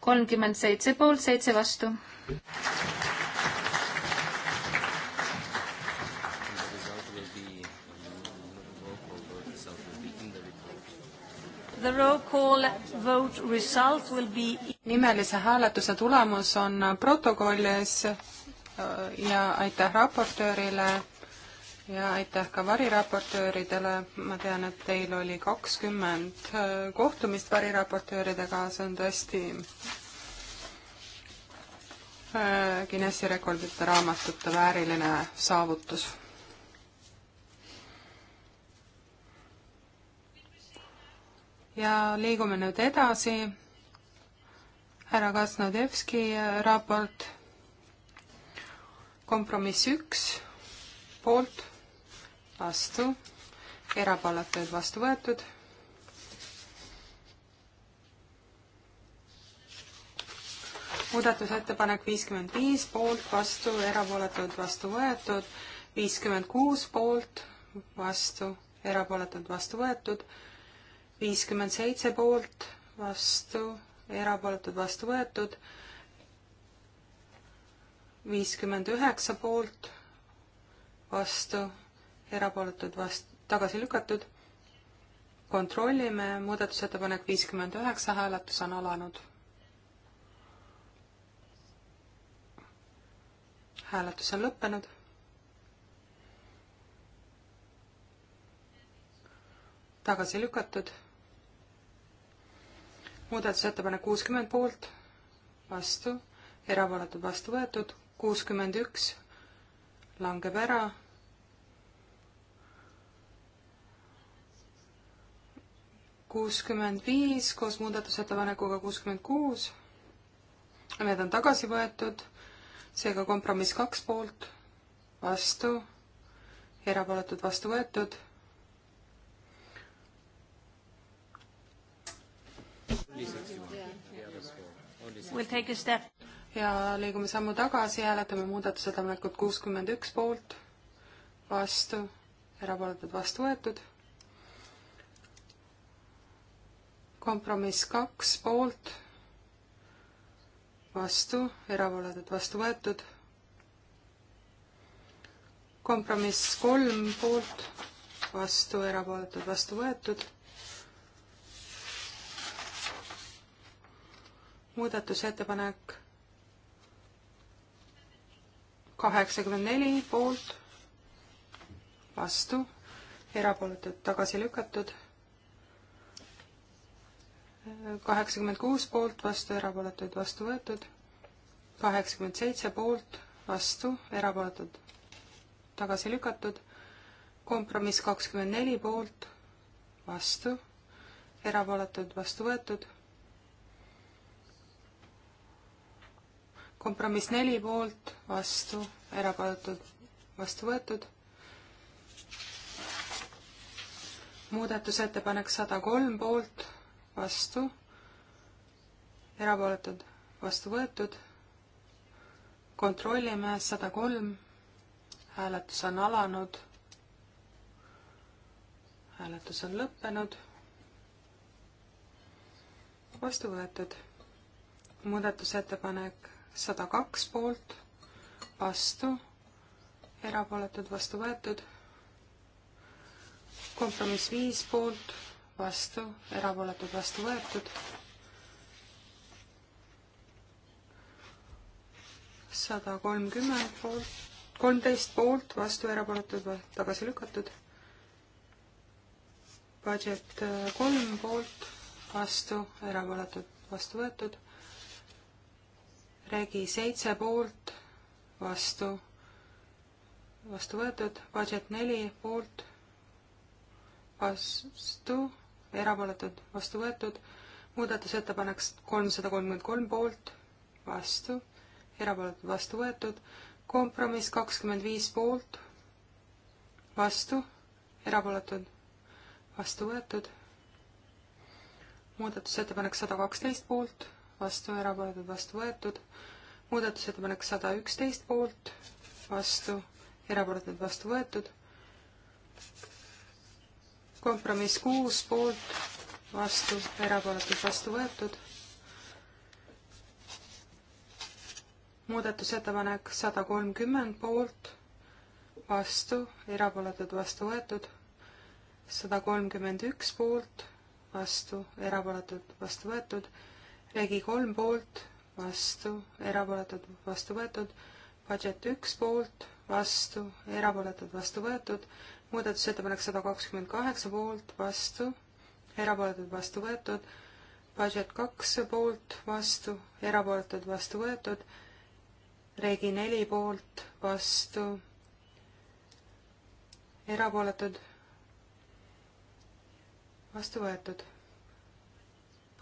kolmkümmend seitse poolt, seitse vastu. The roll call vote result will be... Nimelise hääletuse tulemus on protokollis äh, ja aitäh raportöörile ja aitäh ka variraportööridele. ma tean, et teil oli kakskümmend äh, kohtumist variraportööridega, see on tõesti äh, Guinessi rekordite raamatute vääriline saavutus ja liigume nüüd edasi. härra Kasnodevski äh, raport. kompromiss üks, poolt, vastu, erapooletuid vastu võetud. muudatusettepanek viiskümmend viis, poolt, vastu, erapooletuid vastu võetud, viiskümmend kuus poolt, vastu, erapooletuid vastu võetud viiskümmend seitse poolt, vastu, erapooletud, vastu võetud, viiskümmend üheksa poolt, vastu, erapooletud, vastu, tagasi lükatud. kontrollime, muudatusettepanek viiskümmend üheksa, hääletus on alanud. hääletus on lõppenud tagasi lükatud muudatusettepanek kuuskümmend poolt, vastu, erapooletud vastu võetud, kuuskümmend üks langeb ära. kuuskümmend viis koos muudatusettepanekuga kuuskümmend kuus. Need on tagasi võetud, seega kompromiss kaks poolt, vastu, erapooletud vastu võetud We'll ja liigume sammu tagasi, hääletame muudatusettepanekut kuuskümmend üks poolt, vastu, erapooletud vastu võetud. kompromiss kaks poolt, vastu, erapooletud vastu võetud. kompromiss kolm poolt, vastu, erapooletud vastu võetud muudatusettepanek kaheksakümmend neli poolt, vastu, erapooletud tagasi lükatud. kaheksakümmend kuus poolt, vastu, erapooletud, vastu võetud. kaheksakümmend seitse poolt, vastu, erapooletud, tagasi lükatud. kompromiss kakskümmend neli poolt, vastu, erapooletud, vastu võetud kompromiss neli poolt, vastu, erapooletud, vastu võetud. muudatusettepanek sada kolm poolt, vastu, erapooletud, vastu võetud. kontrollime sada kolm, hääletus on alanud. hääletus on lõppenud. vastu võetud muudatusettepanek sada kaks poolt, vastu, erapooletud, vastu võetud. kompromiss viis poolt, vastu, erapooletud, vastu võetud. sada kolmkümmend poolt, kolmteist poolt, vastu, erapooletud, tagasi lükatud. Budget äh, kolm poolt, vastu, erapooletud, vastu võetud regi seitse poolt, vastu, vastu võetud, budget neli poolt, vastu, erapooletud, vastu võetud, muudatusettepanek kolmsada kolmkümmend kolm poolt, vastu, erapooletud, vastu võetud, kompromiss kakskümmend viis poolt, vastu, erapooletud, vastu võetud, muudatusettepanek sada kaksteist poolt vastu, erapooletud, vastu võetud. muudatusettepanek sada üksteist poolt, vastu, erapooletud, vastu võetud. kompromiss kuus poolt, vastu, erapooletud, vastu võetud. muudatusettepanek sada kolmkümmend poolt, vastu, erapooletud, vastu võetud. sada kolmkümmend üks poolt, vastu, erapooletud, vastu võetud Regi kolm poolt, vastu, erapooletud, vastu võetud. Budget üks poolt, vastu, erapooletud, vastu võetud. muudatusettepanek sada kakskümmend kaheksa poolt, vastu, erapooletud, vastu võetud. Budget kaks poolt, vastu, erapooletud, vastu võetud. Regi neli poolt, vastu, erapooletud, vastu võetud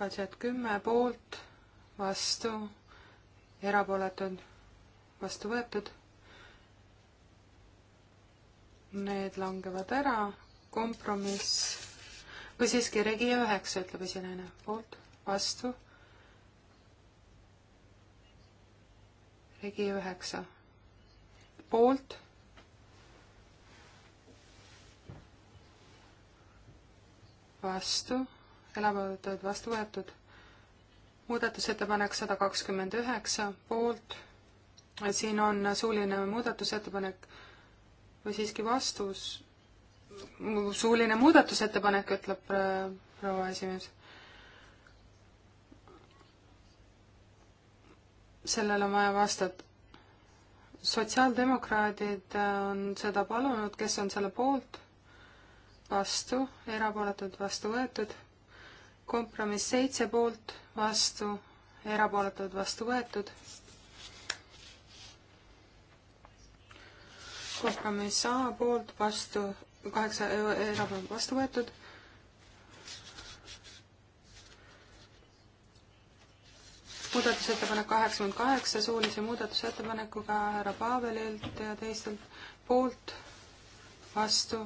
kaitset kümme poolt, vastu, erapooletud, vastu võetud. Need langevad ära, kompromiss või siiski regi üheksa, ütleb esinejana, poolt, vastu. regi üheksa, poolt vastu erapooletud vastu võetud. muudatusettepanek sada kakskümmend üheksa poolt, siin on suuline muudatusettepanek või siiski vastus, suuline muudatusettepanek, ütleb proua esimees. sellele on vaja vastata. sotsiaaldemokraadid on seda palunud, kes on selle poolt? vastu, erapooletult vastu võetud kompromiss seitse poolt, vastu, erapooletud, vastu võetud. kompromiss A poolt, vastu, kaheksa, erapooletud, vastu võetud. muudatusettepanek kaheksakümmend kaheksa suulise muudatusettepanekuga härra Paavelilt ja teistelt poolt, vastu,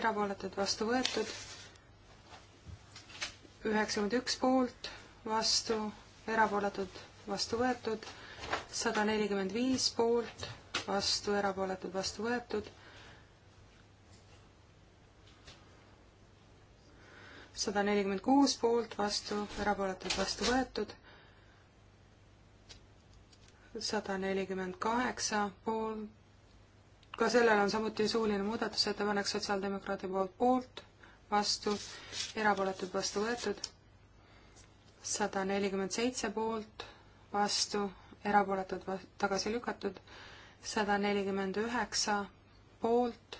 erapooletud, vastu võetud üheksakümmend üks poolt, vastu, erapooletud, vastu võetud, sada nelikümmend viis poolt, vastu, erapooletud, vastu võetud, sada nelikümmend kuus poolt, vastu, erapooletud, vastu võetud, sada nelikümmend kaheksa poolt, ka sellel on samuti suuline muudatusettepanek sotsiaaldemokraadi poolt poolt vastu, erapooletud vastu võetud, sada nelikümmend seitse poolt, vastu, erapooletud tagasi lükatud, sada nelikümmend üheksa poolt,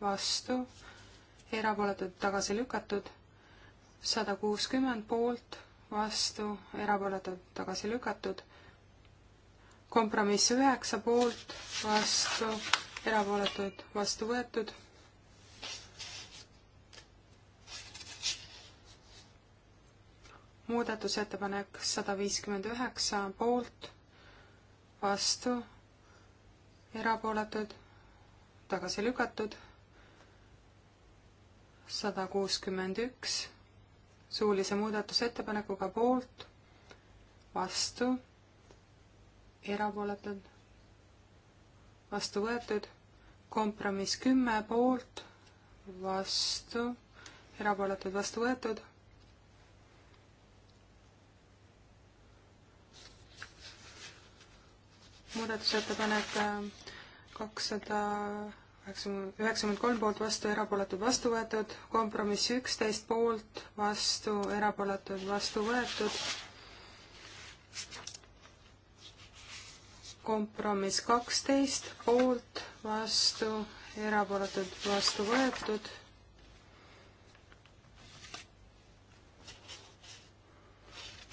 vastu, erapooletud tagasi lükatud, sada kuuskümmend poolt, vastu, erapooletud tagasi lükatud, kompromiss üheksa poolt, vastu, erapooletud vastu võetud muudatusettepanek sada viiskümmend üheksa poolt, vastu, erapooletud, tagasi lükatud, sada kuuskümmend üks suulise muudatusettepanekuga poolt, vastu, erapooletud, vastu võetud, kompromiss kümme poolt, vastu, erapooletud, vastu võetud muudatusettepanek äh, kakssada üheksakümmend kolm poolt vastu, erapooletud vastu võetud, kompromiss üksteist poolt vastu, erapooletud vastu võetud. kompromiss kaksteist poolt vastu, erapooletud vastu võetud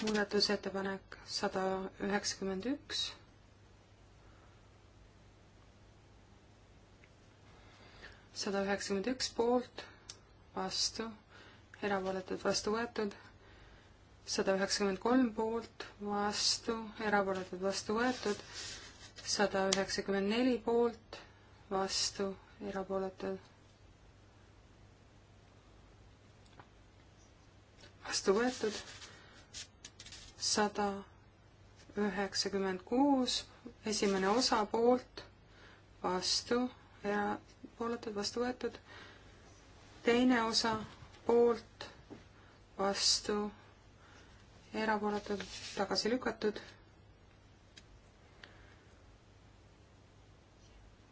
muudatusettepanek sada üheksakümmend üks. sada üheksakümmend üks poolt, vastu, erapooletud, vastu võetud, sada üheksakümmend kolm poolt, vastu, erapooletud, vastu võetud, sada üheksakümmend neli poolt, vastu, erapooletud vastu võetud sada üheksakümmend kuus, esimene osa poolt, vastu, erapooletud, vastu võetud. teine osa poolt, vastu, erapooletud, tagasi lükatud.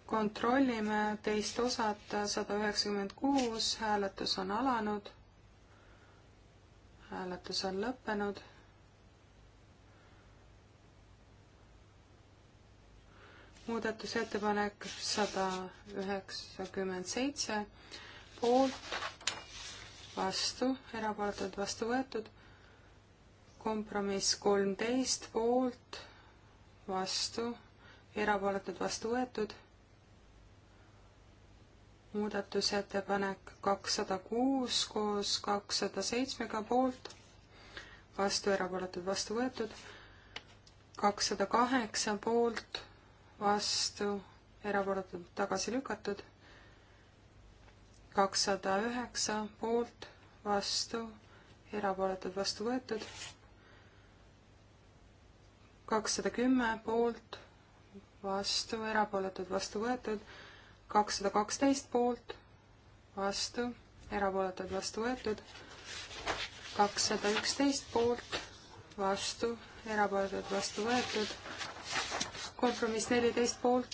kontrollime teist osat, sada üheksakümmend kuus, hääletus on alanud. hääletus on lõppenud muudatusettepanek sada üheksakümmend seitse, poolt, vastu, erapooletud, vastu võetud, kompromiss kolmteist, poolt, vastu, erapooletud, vastu võetud, muudatusettepanek kakssada kuus koos kakssada seitsmega poolt, vastu, erapooletud, vastu võetud, kakssada kaheksa poolt vastu, erapooletult tagasi lükatud. kakssada üheksa poolt, vastu, erapooletult vastu võetud. kakssada kümme poolt, vastu, erapooletult vastu võetud. kakssada kaksteist poolt, vastu, erapooletult vastu võetud. kakssada üksteist poolt, vastu, erapooletult vastu võetud kompromiss neliteist poolt,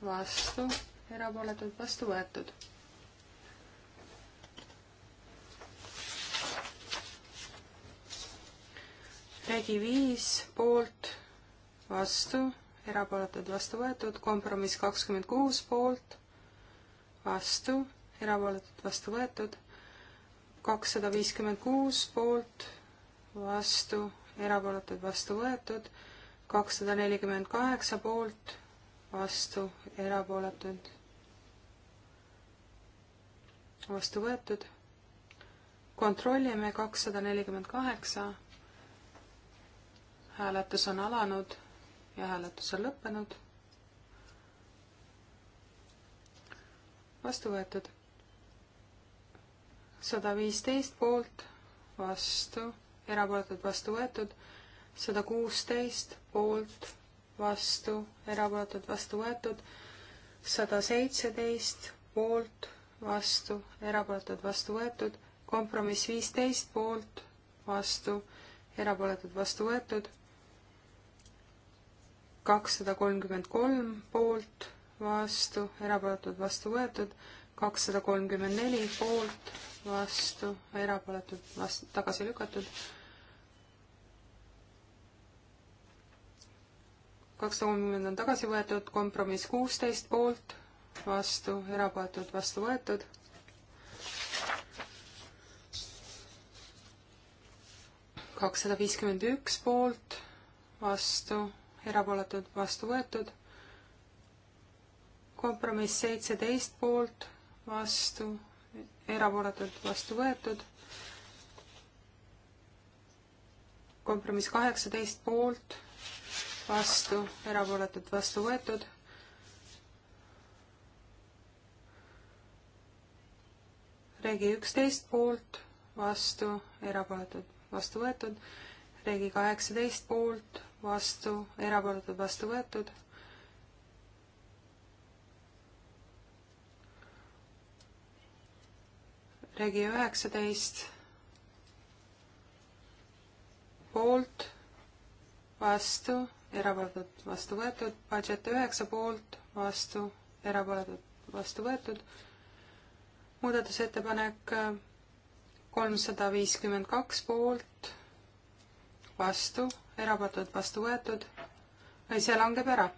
vastu, erapooletud, vastu võetud. regi viis poolt, vastu, erapooletud, vastu võetud, kompromiss kakskümmend kuus poolt, vastu, erapooletud, vastu võetud, kakssada viiskümmend kuus poolt, vastu, erapooletud, vastu võetud kakssada nelikümmend kaheksa poolt, vastu, erapooletud, vastu võetud. kontrollime kakssada nelikümmend kaheksa. hääletus on alanud ja hääletus on lõppenud. vastu võetud. sada viisteist poolt, vastu, erapooletud, vastu võetud sada kuusteist poolt, vastu, erapooletud, vastu võetud, sada seitseteist poolt, vastu, erapooletud, vastu võetud, kompromiss viisteist poolt, vastu, erapooletud, vastu võetud, kakssada kolmkümmend kolm poolt, vastu, erapooletud, vastu võetud, kakssada kolmkümmend neli poolt, vastu, erapooletud, vastu, tagasi lükatud kakssada kolmkümmend on tagasi võetud, kompromiss kuusteist poolt, vastu, erapooletud, vastu võetud. kakssada viiskümmend üks poolt, vastu, erapooletud, vastu võetud. kompromiss seitseteist poolt, vastu, erapooletud, vastu võetud kompromiss kaheksateist poolt, vastu, erapooletud, vastu võetud. regi üksteist poolt, vastu, erapooletud, vastu võetud. regi kaheksateist poolt, vastu, erapooletud, vastu võetud. regi üheksateist poolt, vastu erapooletud, vastu võetud, budget üheksa poolt, vastu, erapooletud, vastu võetud, muudatusettepanek äh, kolmsada viiskümmend kaks poolt, vastu, erapooletud, vastu võetud, ei, see langeb ära.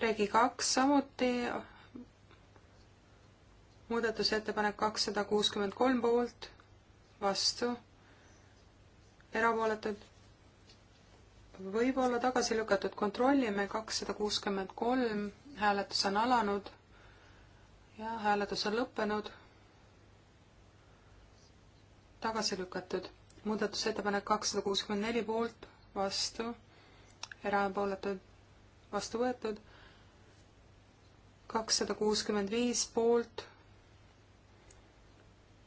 regi kaks samuti, muudatusettepanek kakssada kuuskümmend kolm poolt, vastu, erapooletud võib-olla tagasi lükatud, kontrollime, kakssada kuuskümmend kolm, hääletus on alanud ja hääletus on lõppenud. tagasi lükatud, muudatusettepanek kakssada kuuskümmend neli poolt, vastu, erapooletud, vastu võetud, kakssada kuuskümmend viis poolt,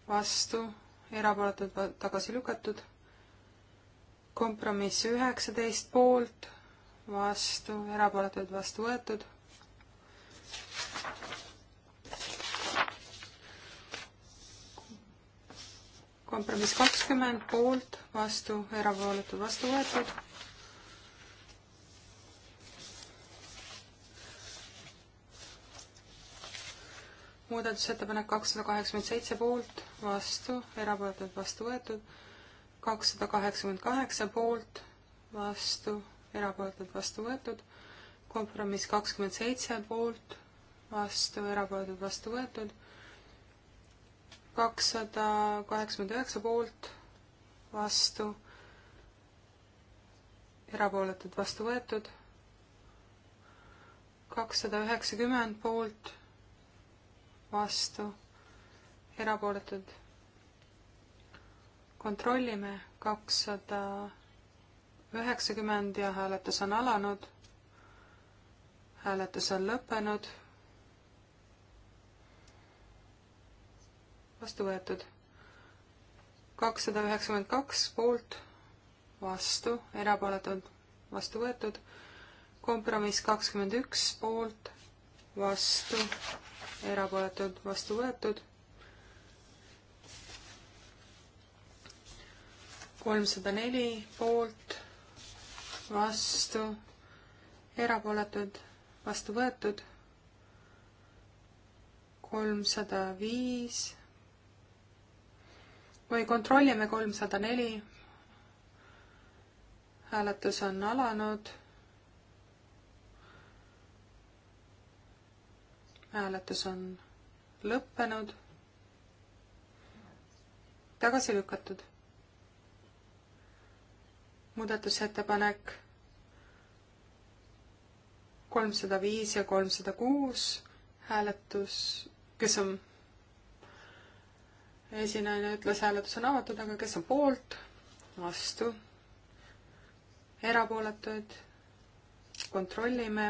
vastu, erapooletud, tagasi lükatud kompromiss üheksateist poolt, vastu, erapooletud, vastu võetud. kompromiss kakskümmend poolt, vastu, erapooletud, vastu võetud. muudatusettepanek kakssada kaheksakümmend seitse poolt, vastu, erapooletud, vastu võetud kakssada kaheksakümmend kaheksa poolt, vastu, erapooletud, vastu võetud, kompromiss kakskümmend seitse poolt, vastu, erapooletud, vastu võetud, kakssada kaheksakümmend üheksa poolt, vastu, erapooletud, vastu võetud, kakssada üheksakümmend poolt, vastu, erapooletud kontrollime kakssada üheksakümmend ja hääletus on alanud. hääletus on lõppenud. vastu võetud. kakssada üheksakümmend kaks poolt, vastu, erapooletud, vastu võetud. kompromiss kakskümmend üks poolt, vastu, erapooletud, vastu võetud kolmsada neli poolt, vastu, erapooletud, vastu võetud, kolmsada viis või kontrollime kolmsada neli. hääletus on alanud. hääletus on lõppenud. tagasi lükatud muudatusettepanek kolmsada viis ja kolmsada kuus hääletus, kes on, esinaine ütles, hääletus on avatud, aga kes on poolt, vastu, erapooletuid, kontrollime,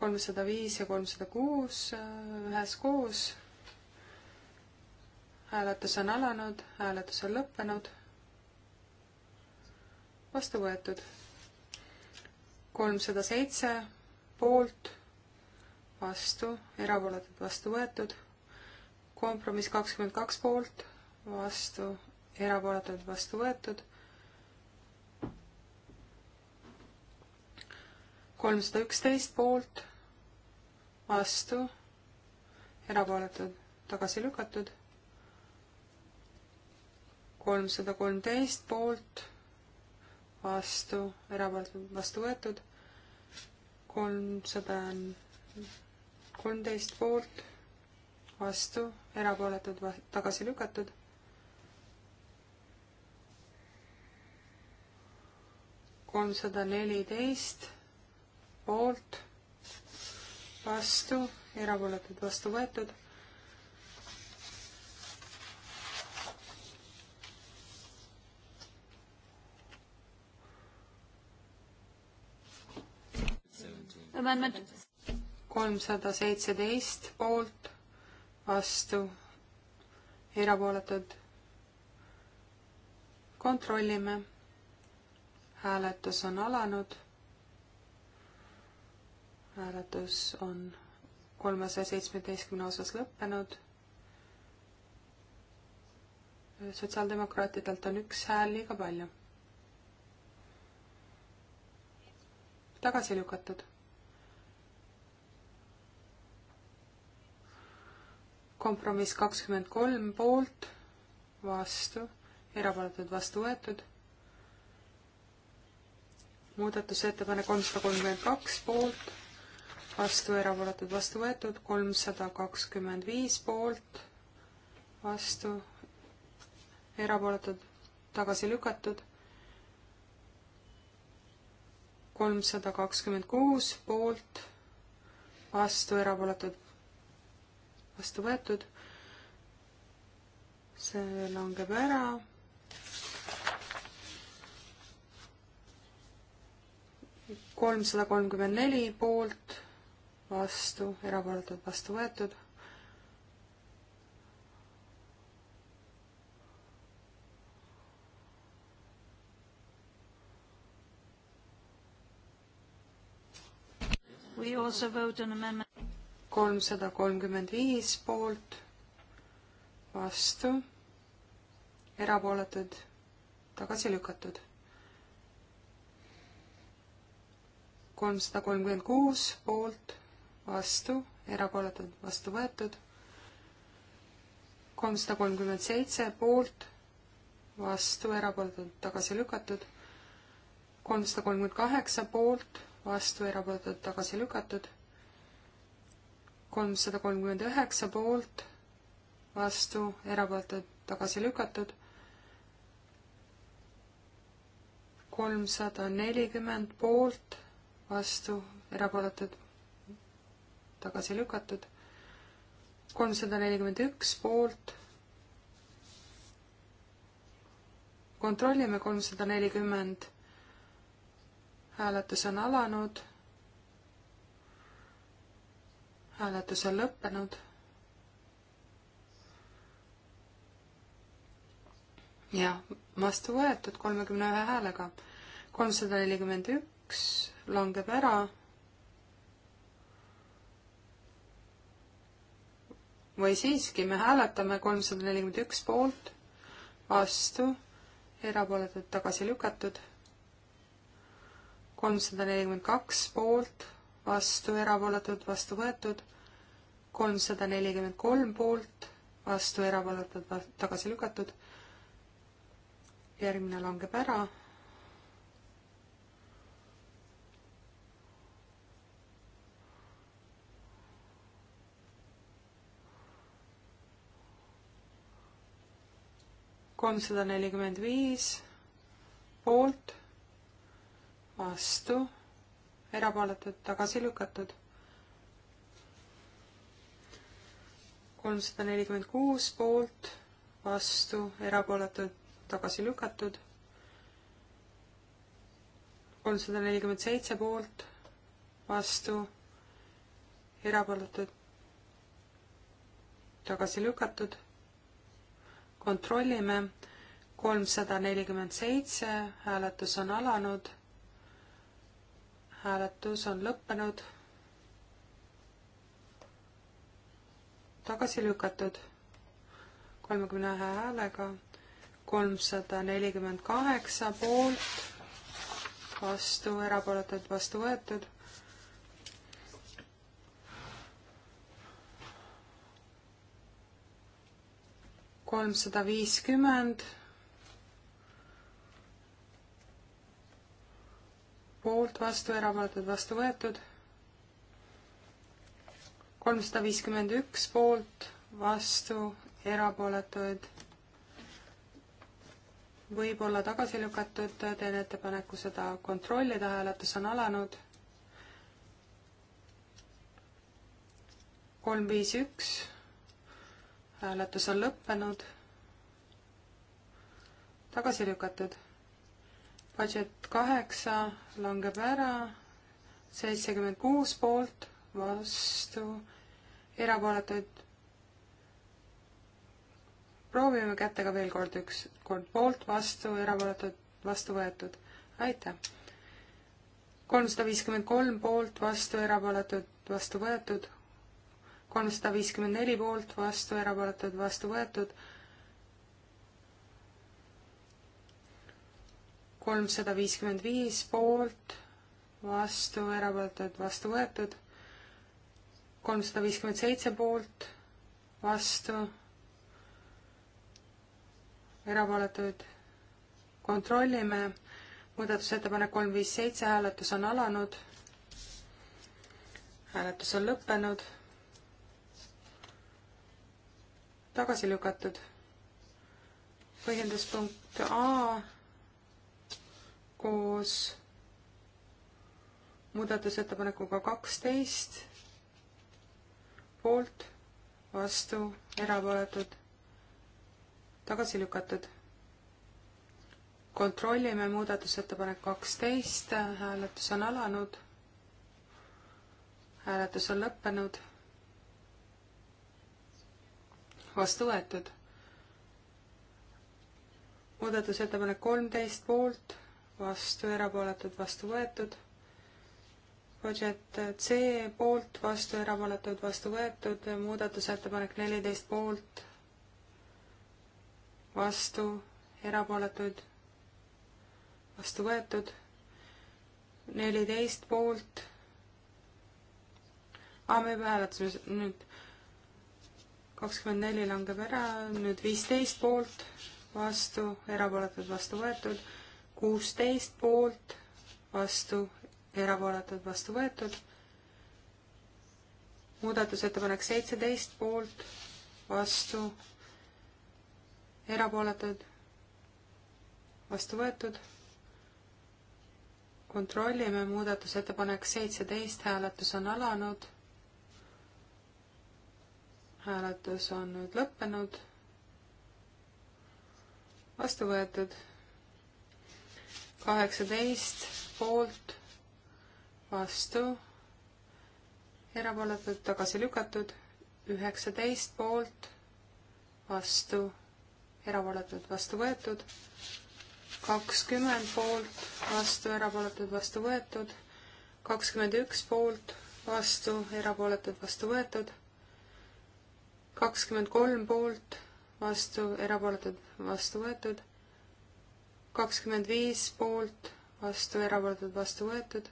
kolmsada viis ja kolmsada kuus äh, üheskoos, hääletus on alanud, hääletus on lõppenud vastu võetud. kolmsada seitse poolt, vastu, erapooletud, vastu võetud. kompromiss kakskümmend kaks poolt, vastu, erapooletud, vastu võetud. kolmsada üksteist poolt, vastu, erapooletud, tagasi lükatud. kolmsada kolmteist poolt vastu, erapooletud, vastu võetud, kolmsada kolmteist poolt, vastu, erapooletud, tagasi lükatud kolmsada neliteist poolt, vastu, erapooletud vastu võetud, kolmsada seitseteist poolt, vastu, erapooletud. kontrollime. hääletus on alanud. hääletus on kolmesaja seitsmeteistkümne osas lõppenud. sotsiaaldemokraatidelt on üks hääl liiga palju. tagasi lükatud kompromiss kakskümmend kolm poolt, vastu, erapooletud vastu võetud. muudatusettepanek kolmsada kolmkümmend kaks poolt, vastu, erapooletud vastu võetud, kolmsada kakskümmend viis poolt, vastu, erapooletud tagasi lükatud, kolmsada kakskümmend kuus poolt, vastu, erapooletud vastu võetud. see langeb ära. kolmsada kolmkümmend neli poolt, vastu, erapooletud, vastu võetud. We also vote on amendment kolmsada kolmkümmend viis poolt, vastu, erapooletud, tagasi lükatud. kolmsada kolmkümmend kuus poolt, vastu, erapooletud, vastu võetud. kolmsada kolmkümmend seitse poolt, vastu, erapooletud, tagasi lükatud. kolmsada kolmkümmend kaheksa poolt, vastu, erapooletud, tagasi lükatud kolmsada kolmkümmend üheksa poolt, vastu, erapooletud, tagasi lükatud. kolmsada nelikümmend poolt, vastu, erapooletud, tagasi lükatud. kolmsada nelikümmend üks poolt. kontrollime kolmsada nelikümmend. hääletus on alanud hääletus on lõppenud. ja vastu võetud kolmekümne ühe häälega. kolmsada nelikümmend üks langeb ära. või siiski, me hääletame kolmsada nelikümmend üks poolt, vastu, erapooletud tagasi lükatud. kolmsada nelikümmend kaks poolt vastu erapooletud, vastu võetud, kolmsada nelikümmend kolm poolt, vastu erapooletud, tagasi lükatud, järgmine langeb ära, kolmsada nelikümmend viis poolt, vastu erapooletud, tagasi lükatud. kolmsada nelikümmend kuus poolt, vastu, erapooletud, tagasi lükatud. kolmsada nelikümmend seitse poolt, vastu, erapooletud, tagasi lükatud. kontrollime, kolmsada nelikümmend seitse, hääletus on alanud hääletus on lõppenud. tagasi lükatud kolmekümne ühe häälega, kolmsada nelikümmend kaheksa poolt, vastu, erapooletud, vastu võetud. kolmsada viiskümmend poolt, vastu, erapooletud, vastu võetud. kolmsada viiskümmend üks poolt, vastu, erapooletuid. võib-olla tagasi lükatud, teen ettepaneku seda kontrollida, hääletus on alanud kolm, viis, üks. hääletus on lõppenud. tagasi lükatud budget kaheksa langeb ära, seitsekümmend kuus poolt, vastu, erapooletuid. proovime kätega veel kord, üks kord poolt, vastu, erapooletud, vastu võetud. aitäh! kolmsada viiskümmend kolm poolt, vastu, erapooletud, vastu võetud. kolmsada viiskümmend neli poolt, vastu, erapooletud, vastu võetud kolmsada viiskümmend viis poolt, vastu, erapooletud, vastu võetud, kolmsada viiskümmend seitse poolt, vastu, erapooletuid kontrollime, muudatusettepanek kolm viis seitse, hääletus on alanud, hääletus on lõppenud, tagasi lükatud. põhjenduspunkt A koos muudatusettepanekuga kaksteist poolt, vastu, erapooletud, tagasi lükatud. kontrollime muudatusettepanek kaksteist, hääletus on alanud. hääletus on lõppenud. vastu võetud. muudatusettepanek kolmteist poolt vastu, erapooletud, vastu võetud. budžett C poolt, vastu, erapooletud, vastu võetud, muudatusettepanek neliteist poolt, vastu, erapooletud, vastu võetud, neliteist poolt. aa, ah, me juba hääletasime nüüd kakskümmend neli langeb ära, nüüd viisteist poolt, vastu, erapooletud, vastu võetud kuusteist poolt, vastu, erapooletud, vastu võetud. muudatusettepanek seitseteist poolt, vastu, erapooletud, vastu võetud. kontrollime muudatusettepanek seitseteist, hääletus on alanud. hääletus on nüüd lõppenud. vastu võetud kaheksateist poolt, vastu, erapooletud, tagasi lükatud, üheksateist poolt, vastu, erapooletud, vastu võetud, kakskümmend poolt, vastu, erapooletud, vastu võetud, kakskümmend üks poolt, vastu, erapooletud, vastu võetud, kakskümmend kolm poolt, vastu, erapooletud, vastu võetud kakskümmend viis poolt, vastu, erapooletud, vastu võetud.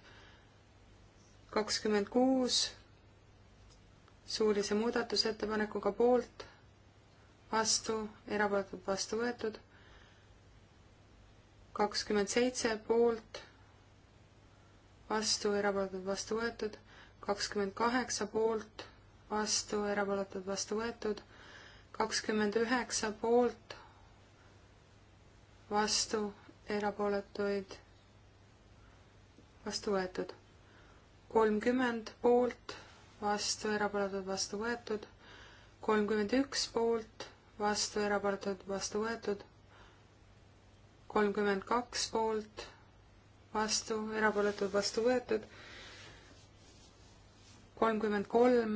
kakskümmend kuus suulise muudatusettepanekuga poolt, vastu, erapooletud, vastu võetud. kakskümmend seitse poolt, vastu, erapooletud, vastu võetud. kakskümmend kaheksa poolt, vastu, erapooletud, vastu võetud. kakskümmend üheksa poolt vastu, erapooletuid vastu võetud. kolmkümmend poolt, vastu, erapooletud, vastu võetud. kolmkümmend üks poolt, vastu, erapooletud, vastu võetud. kolmkümmend kaks poolt, vastu, erapooletud, vastu võetud. kolmkümmend kolm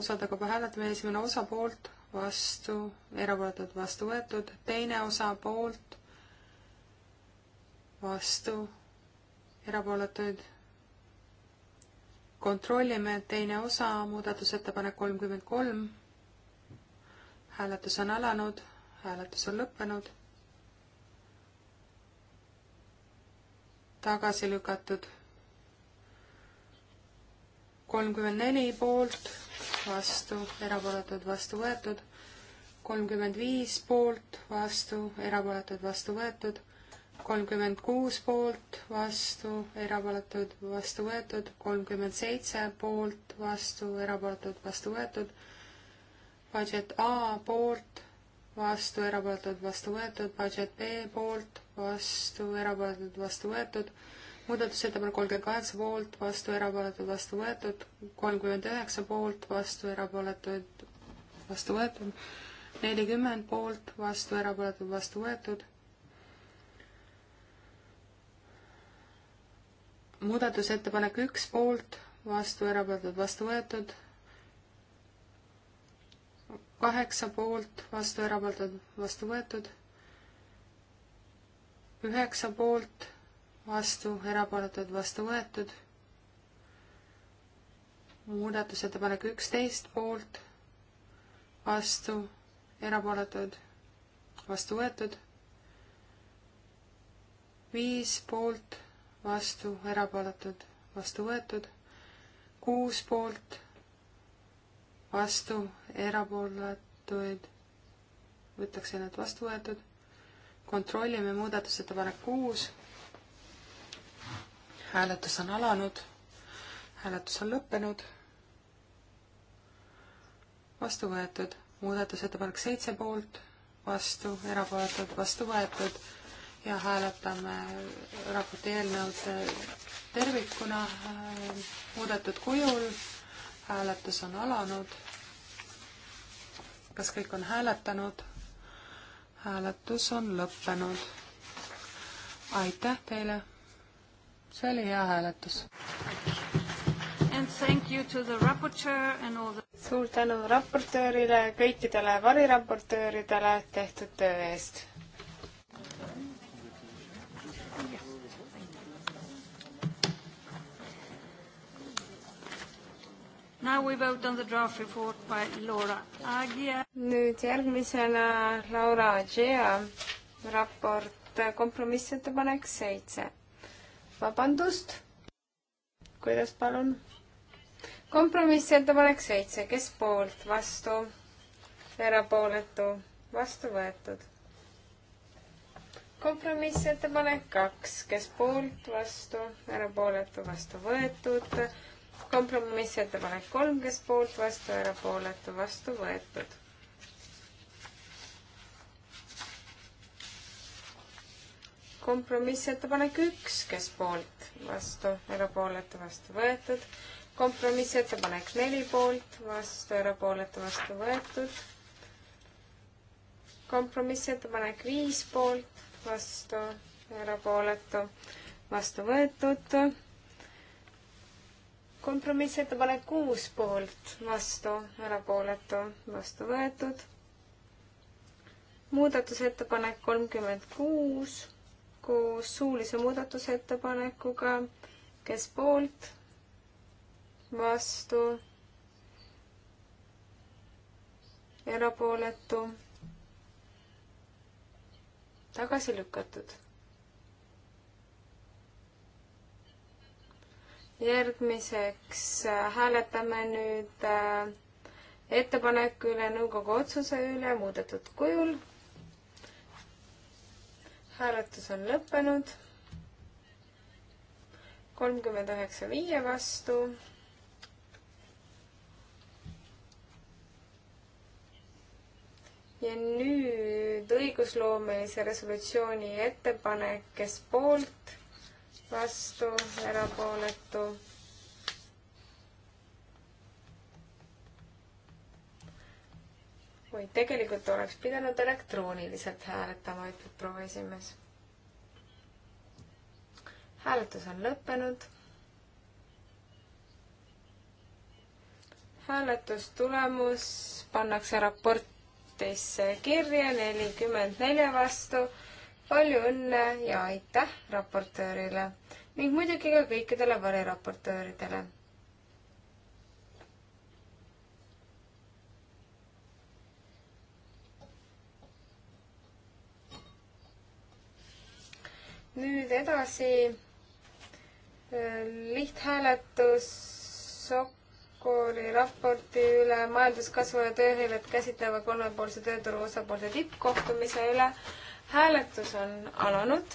osade kaupa hääletamine, esimene osa poolt vastu, erapooletud vastu võetud, teine osa poolt, vastu, erapooletuid. kontrollime teine osa, muudatusettepanek kolmkümmend kolm. hääletus on alanud, hääletus on lõppenud. tagasi lükatud. kolmkümmend neli poolt vastu, erapooletud, vastu võetud. kolmkümmend viis poolt, vastu, erapooletud, vastu võetud. kolmkümmend kuus poolt, vastu, erapooletud, vastu võetud. kolmkümmend seitse poolt, vastu, erapooletud, vastu võetud. Budget A poolt, vastu, erapooletud, vastu võetud. Budget B poolt, vastu, erapooletud, vastu võetud muudatusettepanek kolmkümmend kaheksa poolt, vastu erapooletud, vastu võetud, kolmkümmend üheksa poolt, vastu erapooletud, vastu võetud, nelikümmend poolt, vastu erapooletud, vastu võetud. muudatusettepanek üks poolt, vastu erapooletud, vastu võetud, kaheksa poolt, vastu erapooletud, vastu võetud, üheksa poolt vastu, erapooletud, vastu võetud. muudatusettepanek üksteist poolt, vastu, erapooletud, vastu võetud. viis poolt, vastu, erapooletud, vastu võetud. kuus poolt, vastu, erapooletuid, võtaks need vastu võetud. kontrollime muudatusettepanek kuus hääletus on alanud, hääletus on lõppenud, vastu võetud, muudatusettepanek seitse poolt, vastu, erapooletud, vastu võetud ja hääletame raporti eelnõud tervikuna äh, muudetud kujul. hääletus on alanud. kas kõik on hääletanud? hääletus on lõppenud. aitäh teile! see oli hea hääletus. The... suur tänu raportöörile, kõikidele variraportööridele tehtud töö eest. Now we vote on the draft report by Laura Agia. nüüd järgmisena Laura Agia raport kompromissettepanek seitse vabandust, kuidas palun? kompromissettepanek seitse, kes poolt, vastu, erapooletu, vastu võetud. kompromissettepanek kaks, kes poolt, vastu, erapooletu, vastu võetud. kompromissettepanek kolm, kes poolt, vastu, erapooletu, vastu võetud kompromissettepanek üks, kes poolt, vastu, erapooletu, vastu võetud. kompromissettepanek neli poolt, vastu, erapooletu, vastu võetud. kompromissettepanek viis poolt, vastu, erapooletu, vastu võetud. kompromissettepanek kuus poolt, vastu, erapooletu, vastu võetud muudatusettepanek kolmkümmend kuus ettepaneku suulise muudatusettepanekuga, kes poolt, vastu, erapooletu, tagasi lükatud. järgmiseks äh, hääletame nüüd äh, ettepaneku üle nõukogu otsuse üle muudetud kujul hääletus on lõppenud. kolmkümmend üheksa viie vastu. ja nüüd õigusloomelise resolutsiooni ettepanek, kes poolt, vastu, erapooletu kuid tegelikult oleks pidanud elektrooniliselt hääletama, ütleb proua esimees. hääletus on lõppenud. hääletustulemus pannakse raportisse kirja nelikümmend nelja vastu. palju õnne ja aitäh raportöörile ning muidugi ka kõikidele variraportööridele nüüd edasi äh, lihthääletus Sokoli raporti üle majanduskasvu ja tööhõivet käsitleva kolmepoolse tööturu osapoolte tippkohtumise üle. hääletus on alanud.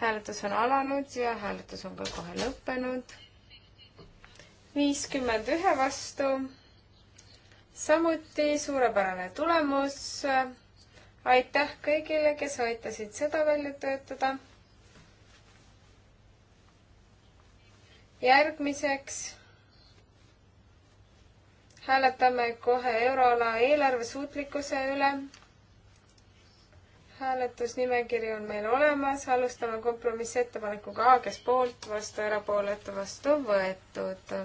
hääletus on alanud ja hääletus on ka kohe lõppenud. viiskümmend ühe vastu. samuti suurepärane tulemus aitäh kõigile, kes aitasid seda välja töötada. järgmiseks hääletame kohe euroala eelarve suutlikkuse üle. hääletusnimekiri on meil olemas, alustame kompromissettepanekuga A, kes poolt, vastu, erapooletu, vastu, võetud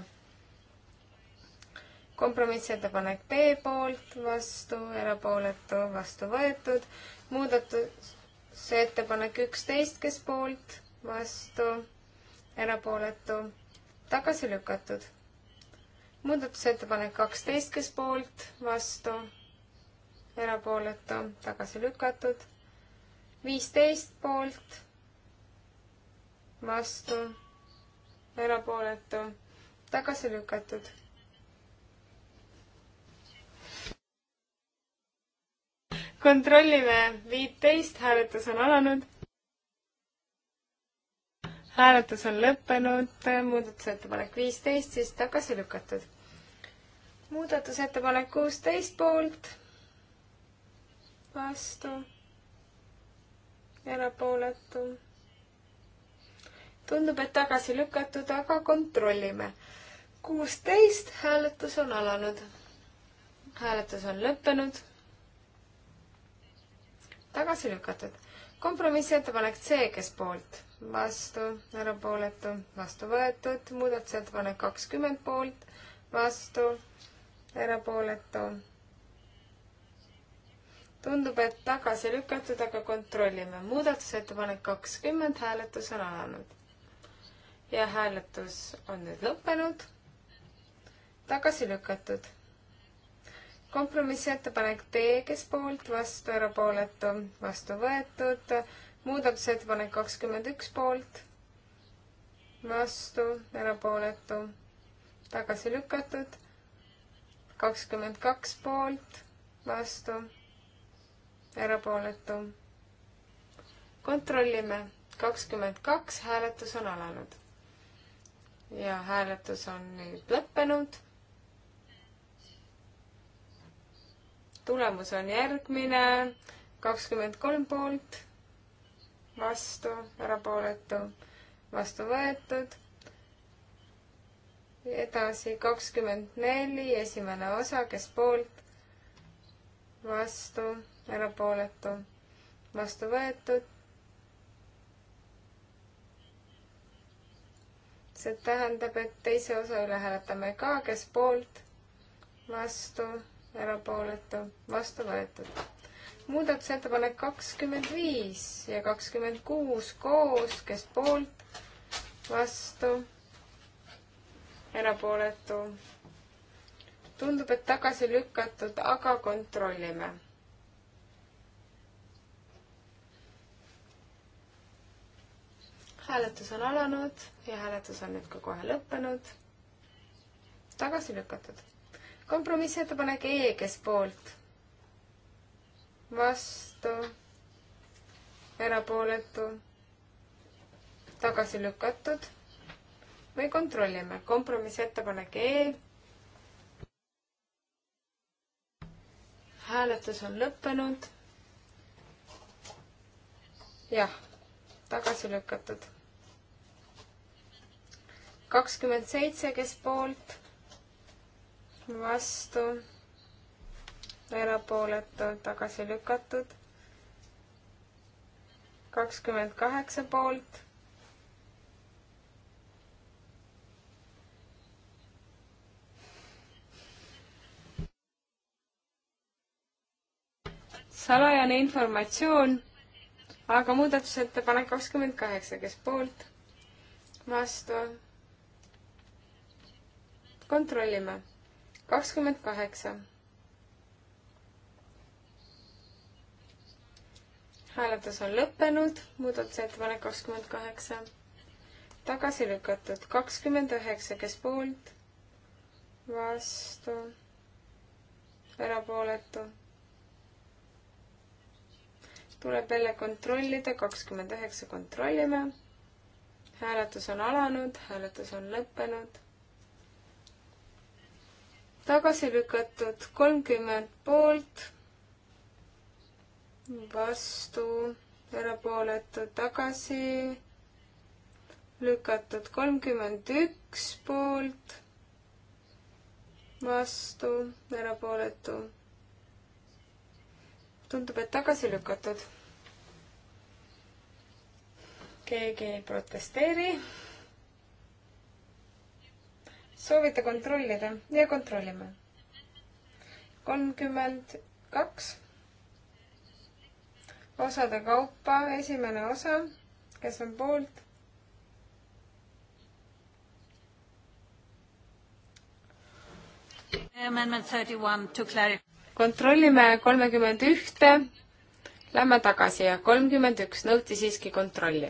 kompromissettepanek B poolt, vastu, erapooletu, vastu võetud. muudatuse ettepanek üksteist, kes poolt, vastu, erapooletu, tagasi lükatud. muudatusettepanek kaksteist, kes poolt, vastu, erapooletu, tagasi lükatud. viisteist poolt, vastu, erapooletu, tagasi lükatud kontrollime viiteist, hääletus on alanud. hääletus on lõppenud, muudatusettepanek viisteist, siis tagasi lükatud. muudatusettepanek kuusteist poolt, vastu, erapooletu. tundub, et tagasi lükatud, aga kontrollime. kuusteist, hääletus on alanud. hääletus on lõppenud tagasi lükatud. kompromissettepanek C, kes poolt, vastu, erapooletu, vastu võetud, muudatusettepanek kakskümmend poolt, vastu, erapooletu. tundub, et tagasi lükatud, aga kontrollime. muudatusettepanek kakskümmend, hääletus on alanud. ja hääletus on nüüd lõppenud. tagasi lükatud kompromissettepanek D, kes poolt, vastu, erapooletu, vastu võetud. muudatusettepanek kakskümmend üks poolt, vastu, erapooletu, tagasi lükatud. kakskümmend kaks poolt, vastu, erapooletu. kontrollime, kakskümmend kaks, hääletus on alanud. ja hääletus on nüüd lõppenud tulemus on järgmine, kakskümmend kolm poolt, vastu, erapooletu, vastu võetud. edasi kakskümmend neli, esimene osa, kes poolt, vastu, erapooletu, vastu võetud. see tähendab, et teise osa üle hääletame ka, kes poolt, vastu erapooletu, vastu võetud. muudatusettepanek kakskümmend viis ja kakskümmend kuus koos, kes poolt, vastu, erapooletu. tundub, et tagasi lükatud, aga kontrollime hääletus on alanud ja hääletus on nüüd ka kohe lõppenud. tagasi lükatud kompromissettepanek E, kes poolt? vastu, erapooletu, tagasi lükatud või kontrollime, kompromissettepanek E. hääletus on lõppenud. jah, tagasi lükatud. kakskümmend seitse, kes poolt vastu, erapooletu, tagasi lükatud. kakskümmend kaheksa poolt salajane informatsioon, aga muudatusettepanek kakskümmend kaheksa, kes poolt, vastu. kontrollime kakskümmend kaheksa. hääletus on lõppenud, muudatusettepanek kakskümmend kaheksa. tagasi lükatud kakskümmend üheksa, kes poolt, vastu, erapooletu. tuleb jälle kontrollida, kakskümmend üheksa kontrollime. hääletus on alanud, hääletus on lõppenud tagasi lükatud kolmkümmend poolt, vastu, erapooletud, tagasi lükatud kolmkümmend üks poolt, vastu, erapooletu. tundub, et tagasi lükatud. keegi ei protesteeri soovite kontrollida ja kontrollime. kolmkümmend kaks osade kaupa, esimene osa, kes on poolt. kontrollime kolmekümmend ühte, lähme tagasi ja kolmkümmend üks nõuti siiski kontrolli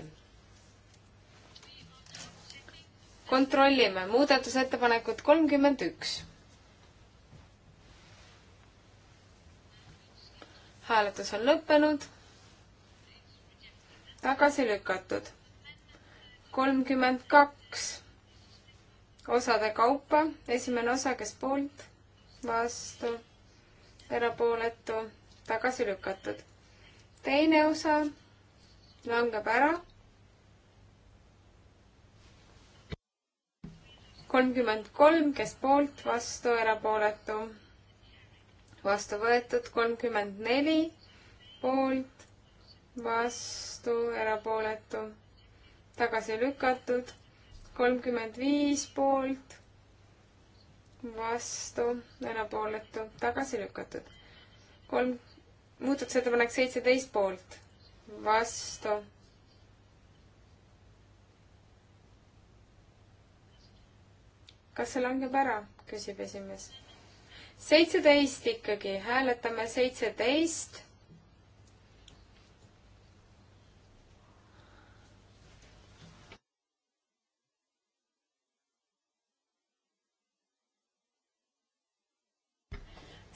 kontrollime muudatusettepanekut kolmkümmend üks. hääletus on lõppenud. tagasi lükatud. kolmkümmend kaks osade kaupa, esimene osa, kes poolt, vastu, erapooletu, tagasi lükatud. teine osa langeb ära kolmkümmend kolm, kes poolt, vastu, erapooletu, vastu võetud, kolmkümmend neli, poolt, vastu, erapooletu, tagasi lükatud, kolmkümmend viis poolt, vastu, erapooletu, tagasi lükatud. kolm, muudatusettepanek seitseteist poolt, vastu kas see langeb ära, küsib esimees. seitseteist ikkagi, hääletame seitseteist.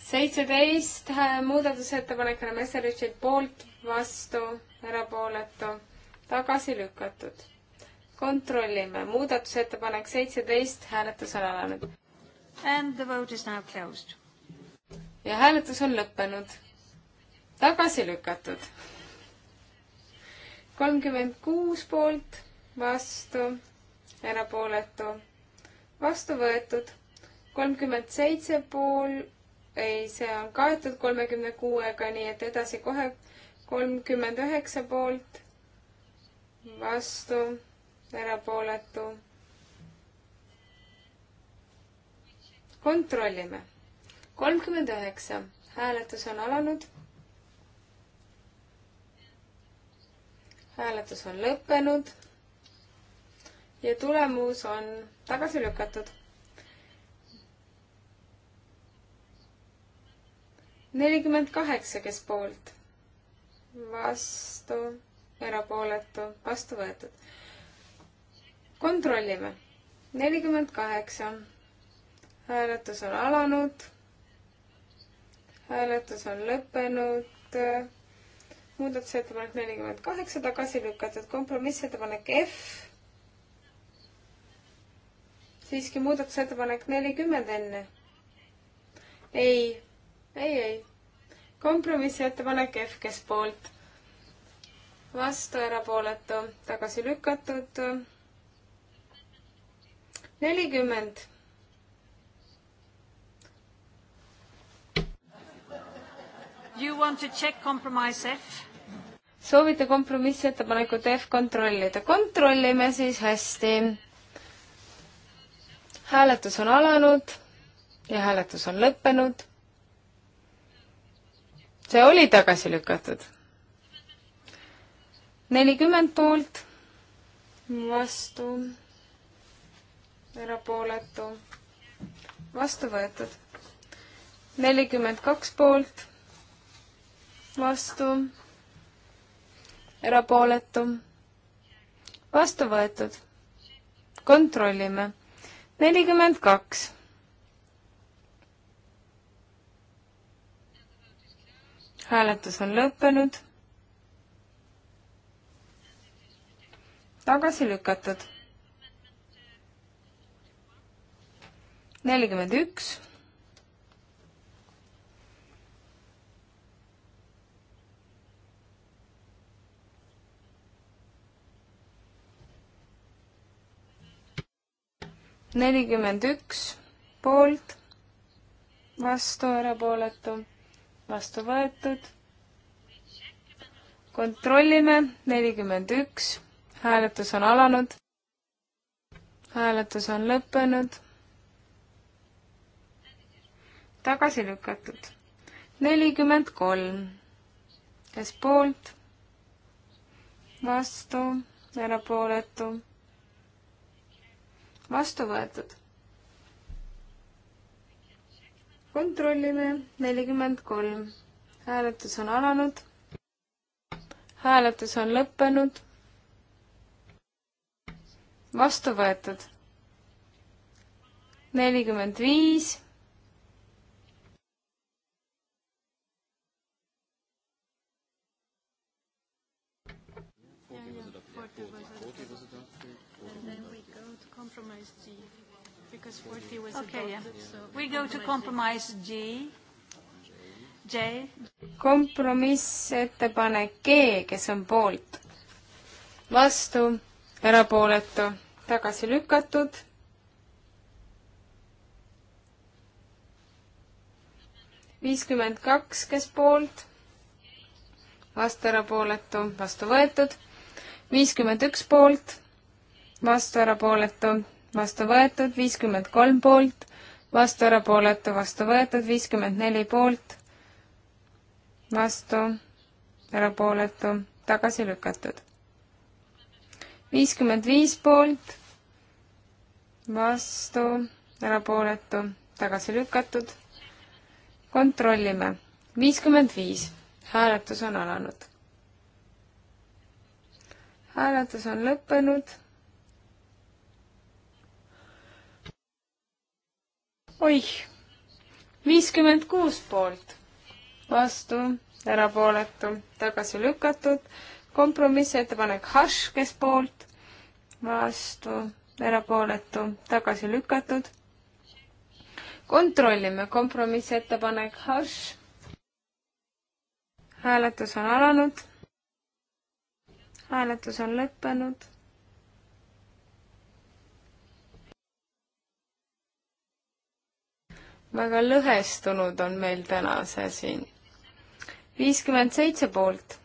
seitseteist äh, muudatusettepanek on Messeritschilt poolt, vastu, erapooletu, tagasi lükatud kontrollime, muudatusettepanek seitseteist, hääletus on alanud. And the vote is now closed. ja hääletus on lõppenud. tagasi lükatud. kolmkümmend kuus poolt, vastu, erapooletu, vastu võetud. kolmkümmend seitse pool, ei, see on kaetud kolmekümne kuuega, nii et edasi kohe kolmkümmend üheksa poolt, vastu erapooletu. kontrollime. kolmkümmend üheksa, hääletus on alanud. hääletus on lõppenud ja tulemus on tagasi lükatud. nelikümmend kaheksa, kes poolt, vastu, erapooletu, vastu võetud kontrollime. nelikümmend kaheksa. hääletus on alanud. hääletus on lõppenud. muudatusettepanek nelikümmend kaheksa tagasi lükatud, kompromissettepanek F. siiski muudatusettepanek nelikümmend enne. ei, ei, ei. kompromissettepanek F, kes poolt? vastu, erapooletu, tagasi lükatud nelikümmend. You want to check compromise F? soovite kompromissettepanekut F kontrollida, kontrollime siis hästi. hääletus on alanud ja hääletus on lõppenud. see oli tagasi lükatud. nelikümmend poolt, vastu erapooletu, vastu võetud. nelikümmend kaks poolt, vastu, erapooletu, vastu võetud. kontrollime. nelikümmend kaks. hääletus on lõppenud. tagasi lükatud nelikümmend üks. nelikümmend üks poolt, vastu, erapooletu, vastu võetud. kontrollime, nelikümmend üks, hääletus on alanud. hääletus on lõppenud tagasi lükatud. nelikümmend kolm, kes poolt, vastu, erapooletu, vastu võetud. kontrollime, nelikümmend kolm, hääletus on alanud, hääletus on lõppenud vastu võetud. nelikümmend viis compromise G? Because 40 was okay, adopted, yeah. so... We go to compromise G. J. kompromissettepanek G, kes on poolt? vastu, erapooletu, tagasi lükatud. viiskümmend kaks, kes poolt? vastu, erapooletu, vastu võetud. viiskümmend üks poolt vastu erapooletu, vastu võetud, viiskümmend kolm poolt, vastu erapooletu, vastu võetud, viiskümmend neli poolt, vastu erapooletu, tagasi lükatud. viiskümmend viis poolt, vastu erapooletu, tagasi lükatud. kontrollime, viiskümmend viis, hääletus on alanud hääletus on lõppenud oih, viiskümmend kuus poolt, vastu, erapooletu, tagasi lükatud, kompromissettepanek Hašš, kes poolt, vastu, erapooletu, tagasi lükatud. kontrollime kompromissettepanek Hašš. hääletus on alanud. hääletus on lõppenud väga lõhestunud on meil täna see siin. viiskümmend seitse poolt,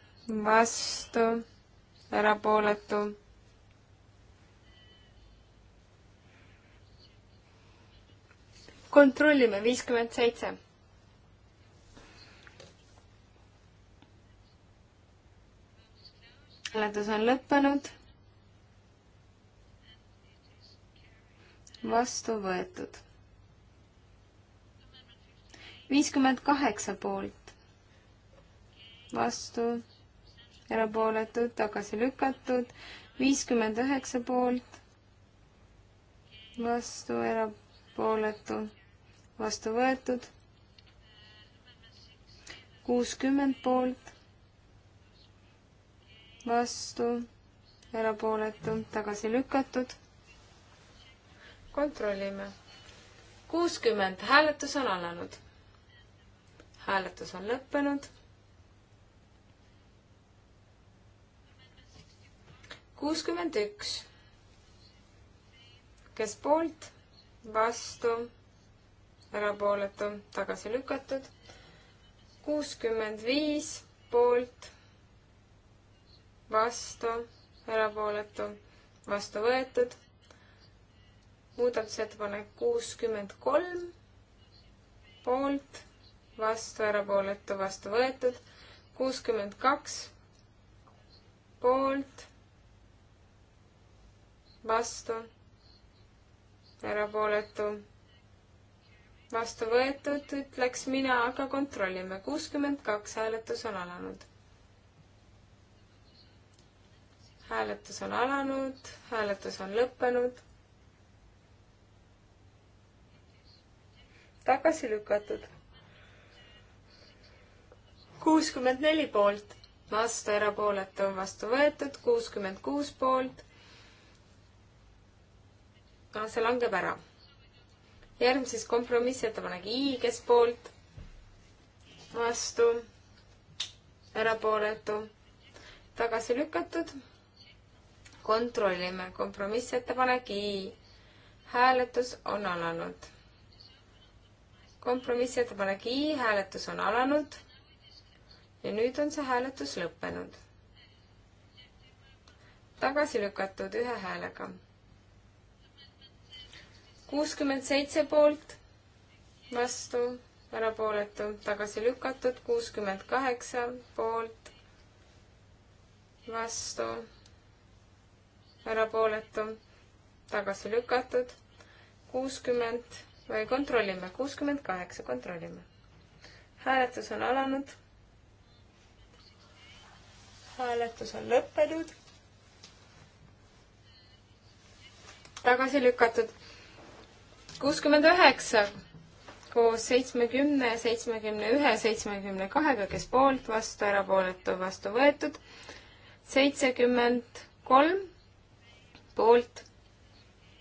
vastu, erapooletu. kontrollime, viiskümmend seitse. hääletus on lõppenud. vastu võetud viiskümmend kaheksa poolt, vastu, erapooletud, tagasi lükatud, viiskümmend üheksa poolt, vastu, erapooletu, vastu võetud, kuuskümmend poolt, vastu, erapooletu, tagasi lükatud. kontrollime. kuuskümmend, hääletus on alanud hääletus on lõppenud. kuuskümmend üks. kes poolt, vastu, erapooletu, tagasi lükatud. kuuskümmend viis poolt, vastu, erapooletu, vastu võetud muudatusettepanek kuuskümmend kolm, poolt, vastu, erapooletu, vastu võetud. kuuskümmend kaks poolt, vastu, erapooletu, vastu võetud, ütleks mina, aga kontrollime. kuuskümmend kaks hääletus on alanud. hääletus on alanud, hääletus on lõppenud tagasi lükatud kuuskümmend neli poolt, vastu erapooletu, vastu võetud, kuuskümmend kuus poolt. Ah, see langeb ära. järgmises kompromissettepanek I, kes poolt, vastu, erapooletu, tagasi lükatud. kontrollime, kompromissettepanek I. hääletus on alanud kompromissettepanek I, hääletus on alanud ja nüüd on see hääletus lõppenud. tagasi lükatud ühe häälega. kuuskümmend seitse poolt, vastu, erapooletu, tagasi lükatud, kuuskümmend kaheksa poolt, vastu, erapooletu, tagasi lükatud, kuuskümmend või kontrollime, kuuskümmend kaheksa, kontrollime. hääletus on alanud hääletus on lõppenud. tagasi lükatud. kuuskümmend üheksa koos seitsmekümne, seitsmekümne ühe, seitsmekümne kahega, kes poolt, vastu, erapooletu, vastu võetud. seitsekümmend kolm poolt,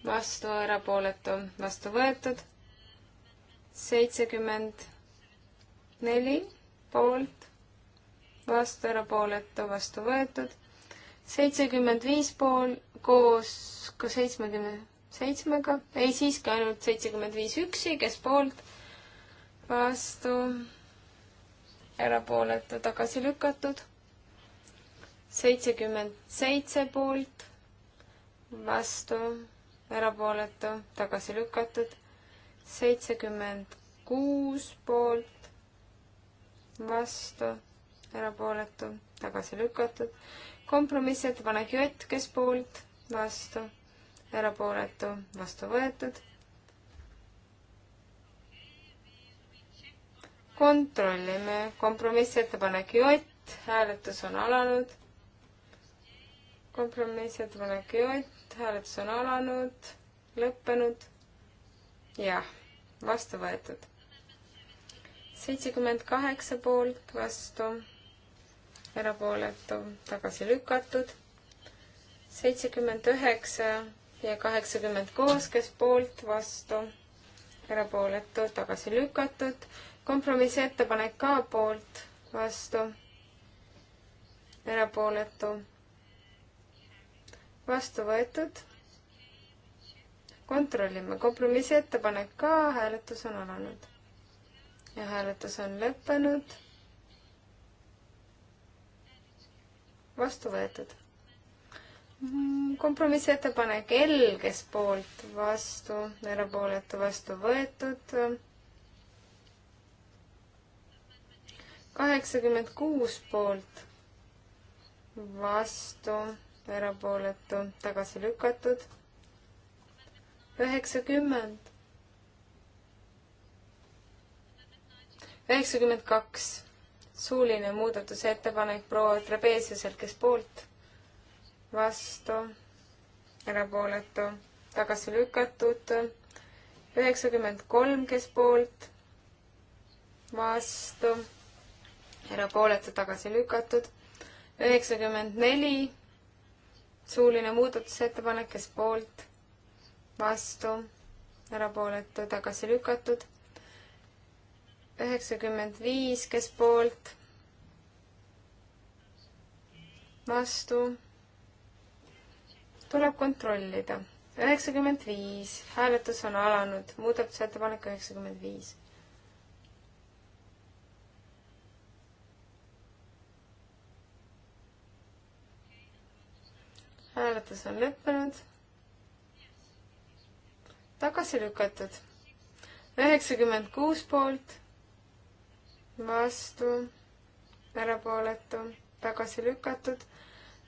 vastu, erapooletu, vastu võetud. seitsekümmend neli poolt vastu, erapooletu, vastu võetud. seitsekümmend viis pool koos ka seitsmekümne seitsmega, ei siiski ainult seitsekümmend viis üksi, kes poolt, vastu, erapooletu, tagasi lükatud. seitsekümmend seitse poolt, vastu, erapooletu, tagasi lükatud. seitsekümmend kuus poolt, vastu erapooletu, tagasi lükatud. kompromissettepanek Jett, kes poolt, vastu, erapooletu, vastu võetud. kontrollime kompromissettepanek Jett, hääletus on alanud. kompromissettepanek Jett, hääletus on alanud, lõppenud. jah, vastu võetud seitsekümmend kaheksa poolt vastu, erapooletu, tagasi lükatud. seitsekümmend üheksa ja kaheksakümmend koos, kes poolt, vastu, erapooletu, tagasi lükatud. kompromissettepanek ka poolt, vastu, erapooletu, vastu võetud. kontrollime, kompromissettepanek ka, hääletus on alanud. ja hääletus on lõppenud vastu võetud. kompromissettepanek L, kes poolt, vastu, erapooletu, vastu võetud. kaheksakümmend kuus poolt, vastu, erapooletu, tagasi lükatud. üheksakümmend, üheksakümmend kaks suuline muudatusettepanek proua Trebeesiuselt, kes poolt, vastu, erapooletu, tagasi lükatud, üheksakümmend kolm, kes poolt, vastu, erapooletu, tagasi lükatud, üheksakümmend neli, suuline muudatusettepanek, kes poolt, vastu, erapooletu, tagasi lükatud üheksakümmend viis, kes poolt, vastu, tuleb kontrollida. üheksakümmend viis, hääletus on alanud, muudatusettepanek üheksakümmend viis hääletus on lõppenud. tagasi lükatud. üheksakümmend kuus poolt, vastu, erapooletu, tagasi lükatud,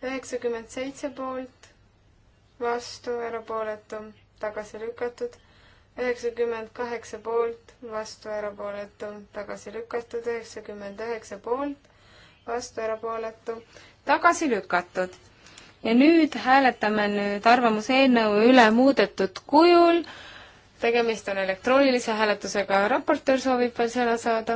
üheksakümmend seitse poolt, vastu, erapooletu, tagasi lükatud, üheksakümmend kaheksa poolt, vastu, erapooletu, tagasi lükatud, üheksakümmend üheksa poolt, vastu, erapooletu, tagasi lükatud. ja nüüd hääletame nüüd arvamuseelnõu üle muudetud kujul tegemist on elektroonilise hääletusega, raportöör soovib veel sõna saada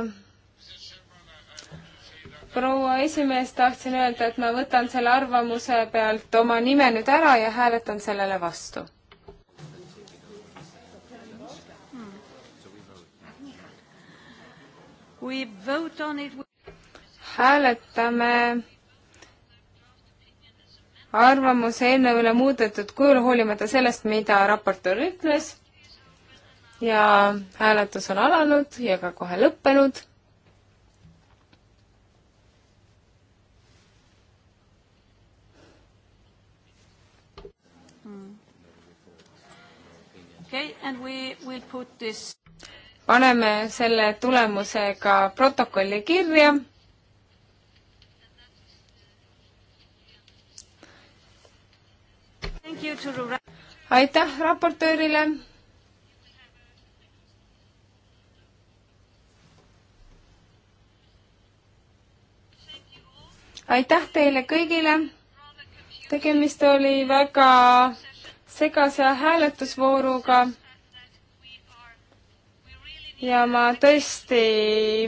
proua esimees, tahtsin öelda, et ma võtan selle arvamuse pealt oma nime nüüd ära ja hääletan sellele vastu. hääletame arvamuse eelnõule muudetud kujul, hoolimata sellest, mida raportöör ütles ja hääletus on alanud ja ka kohe lõppenud okay, and we will put this paneme selle tulemuse ka protokolli kirja. aitäh raportöörile. aitäh teile kõigile. tegemist oli väga segase hääletusvooruga ja ma tõesti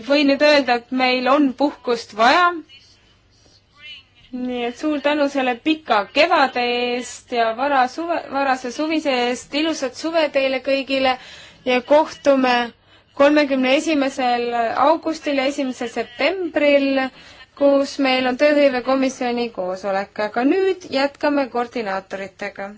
võin nüüd öelda, et meil on puhkust vaja. nii et suur tänu selle pika kevade eest ja vara suve, varase suvise eest, ilusat suve teile kõigile ja kohtume kolmekümne esimesel augustil ja esimesel septembril, kus meil on tööhõivekomisjoni koosolek, aga nüüd jätkame koordinaatoritega.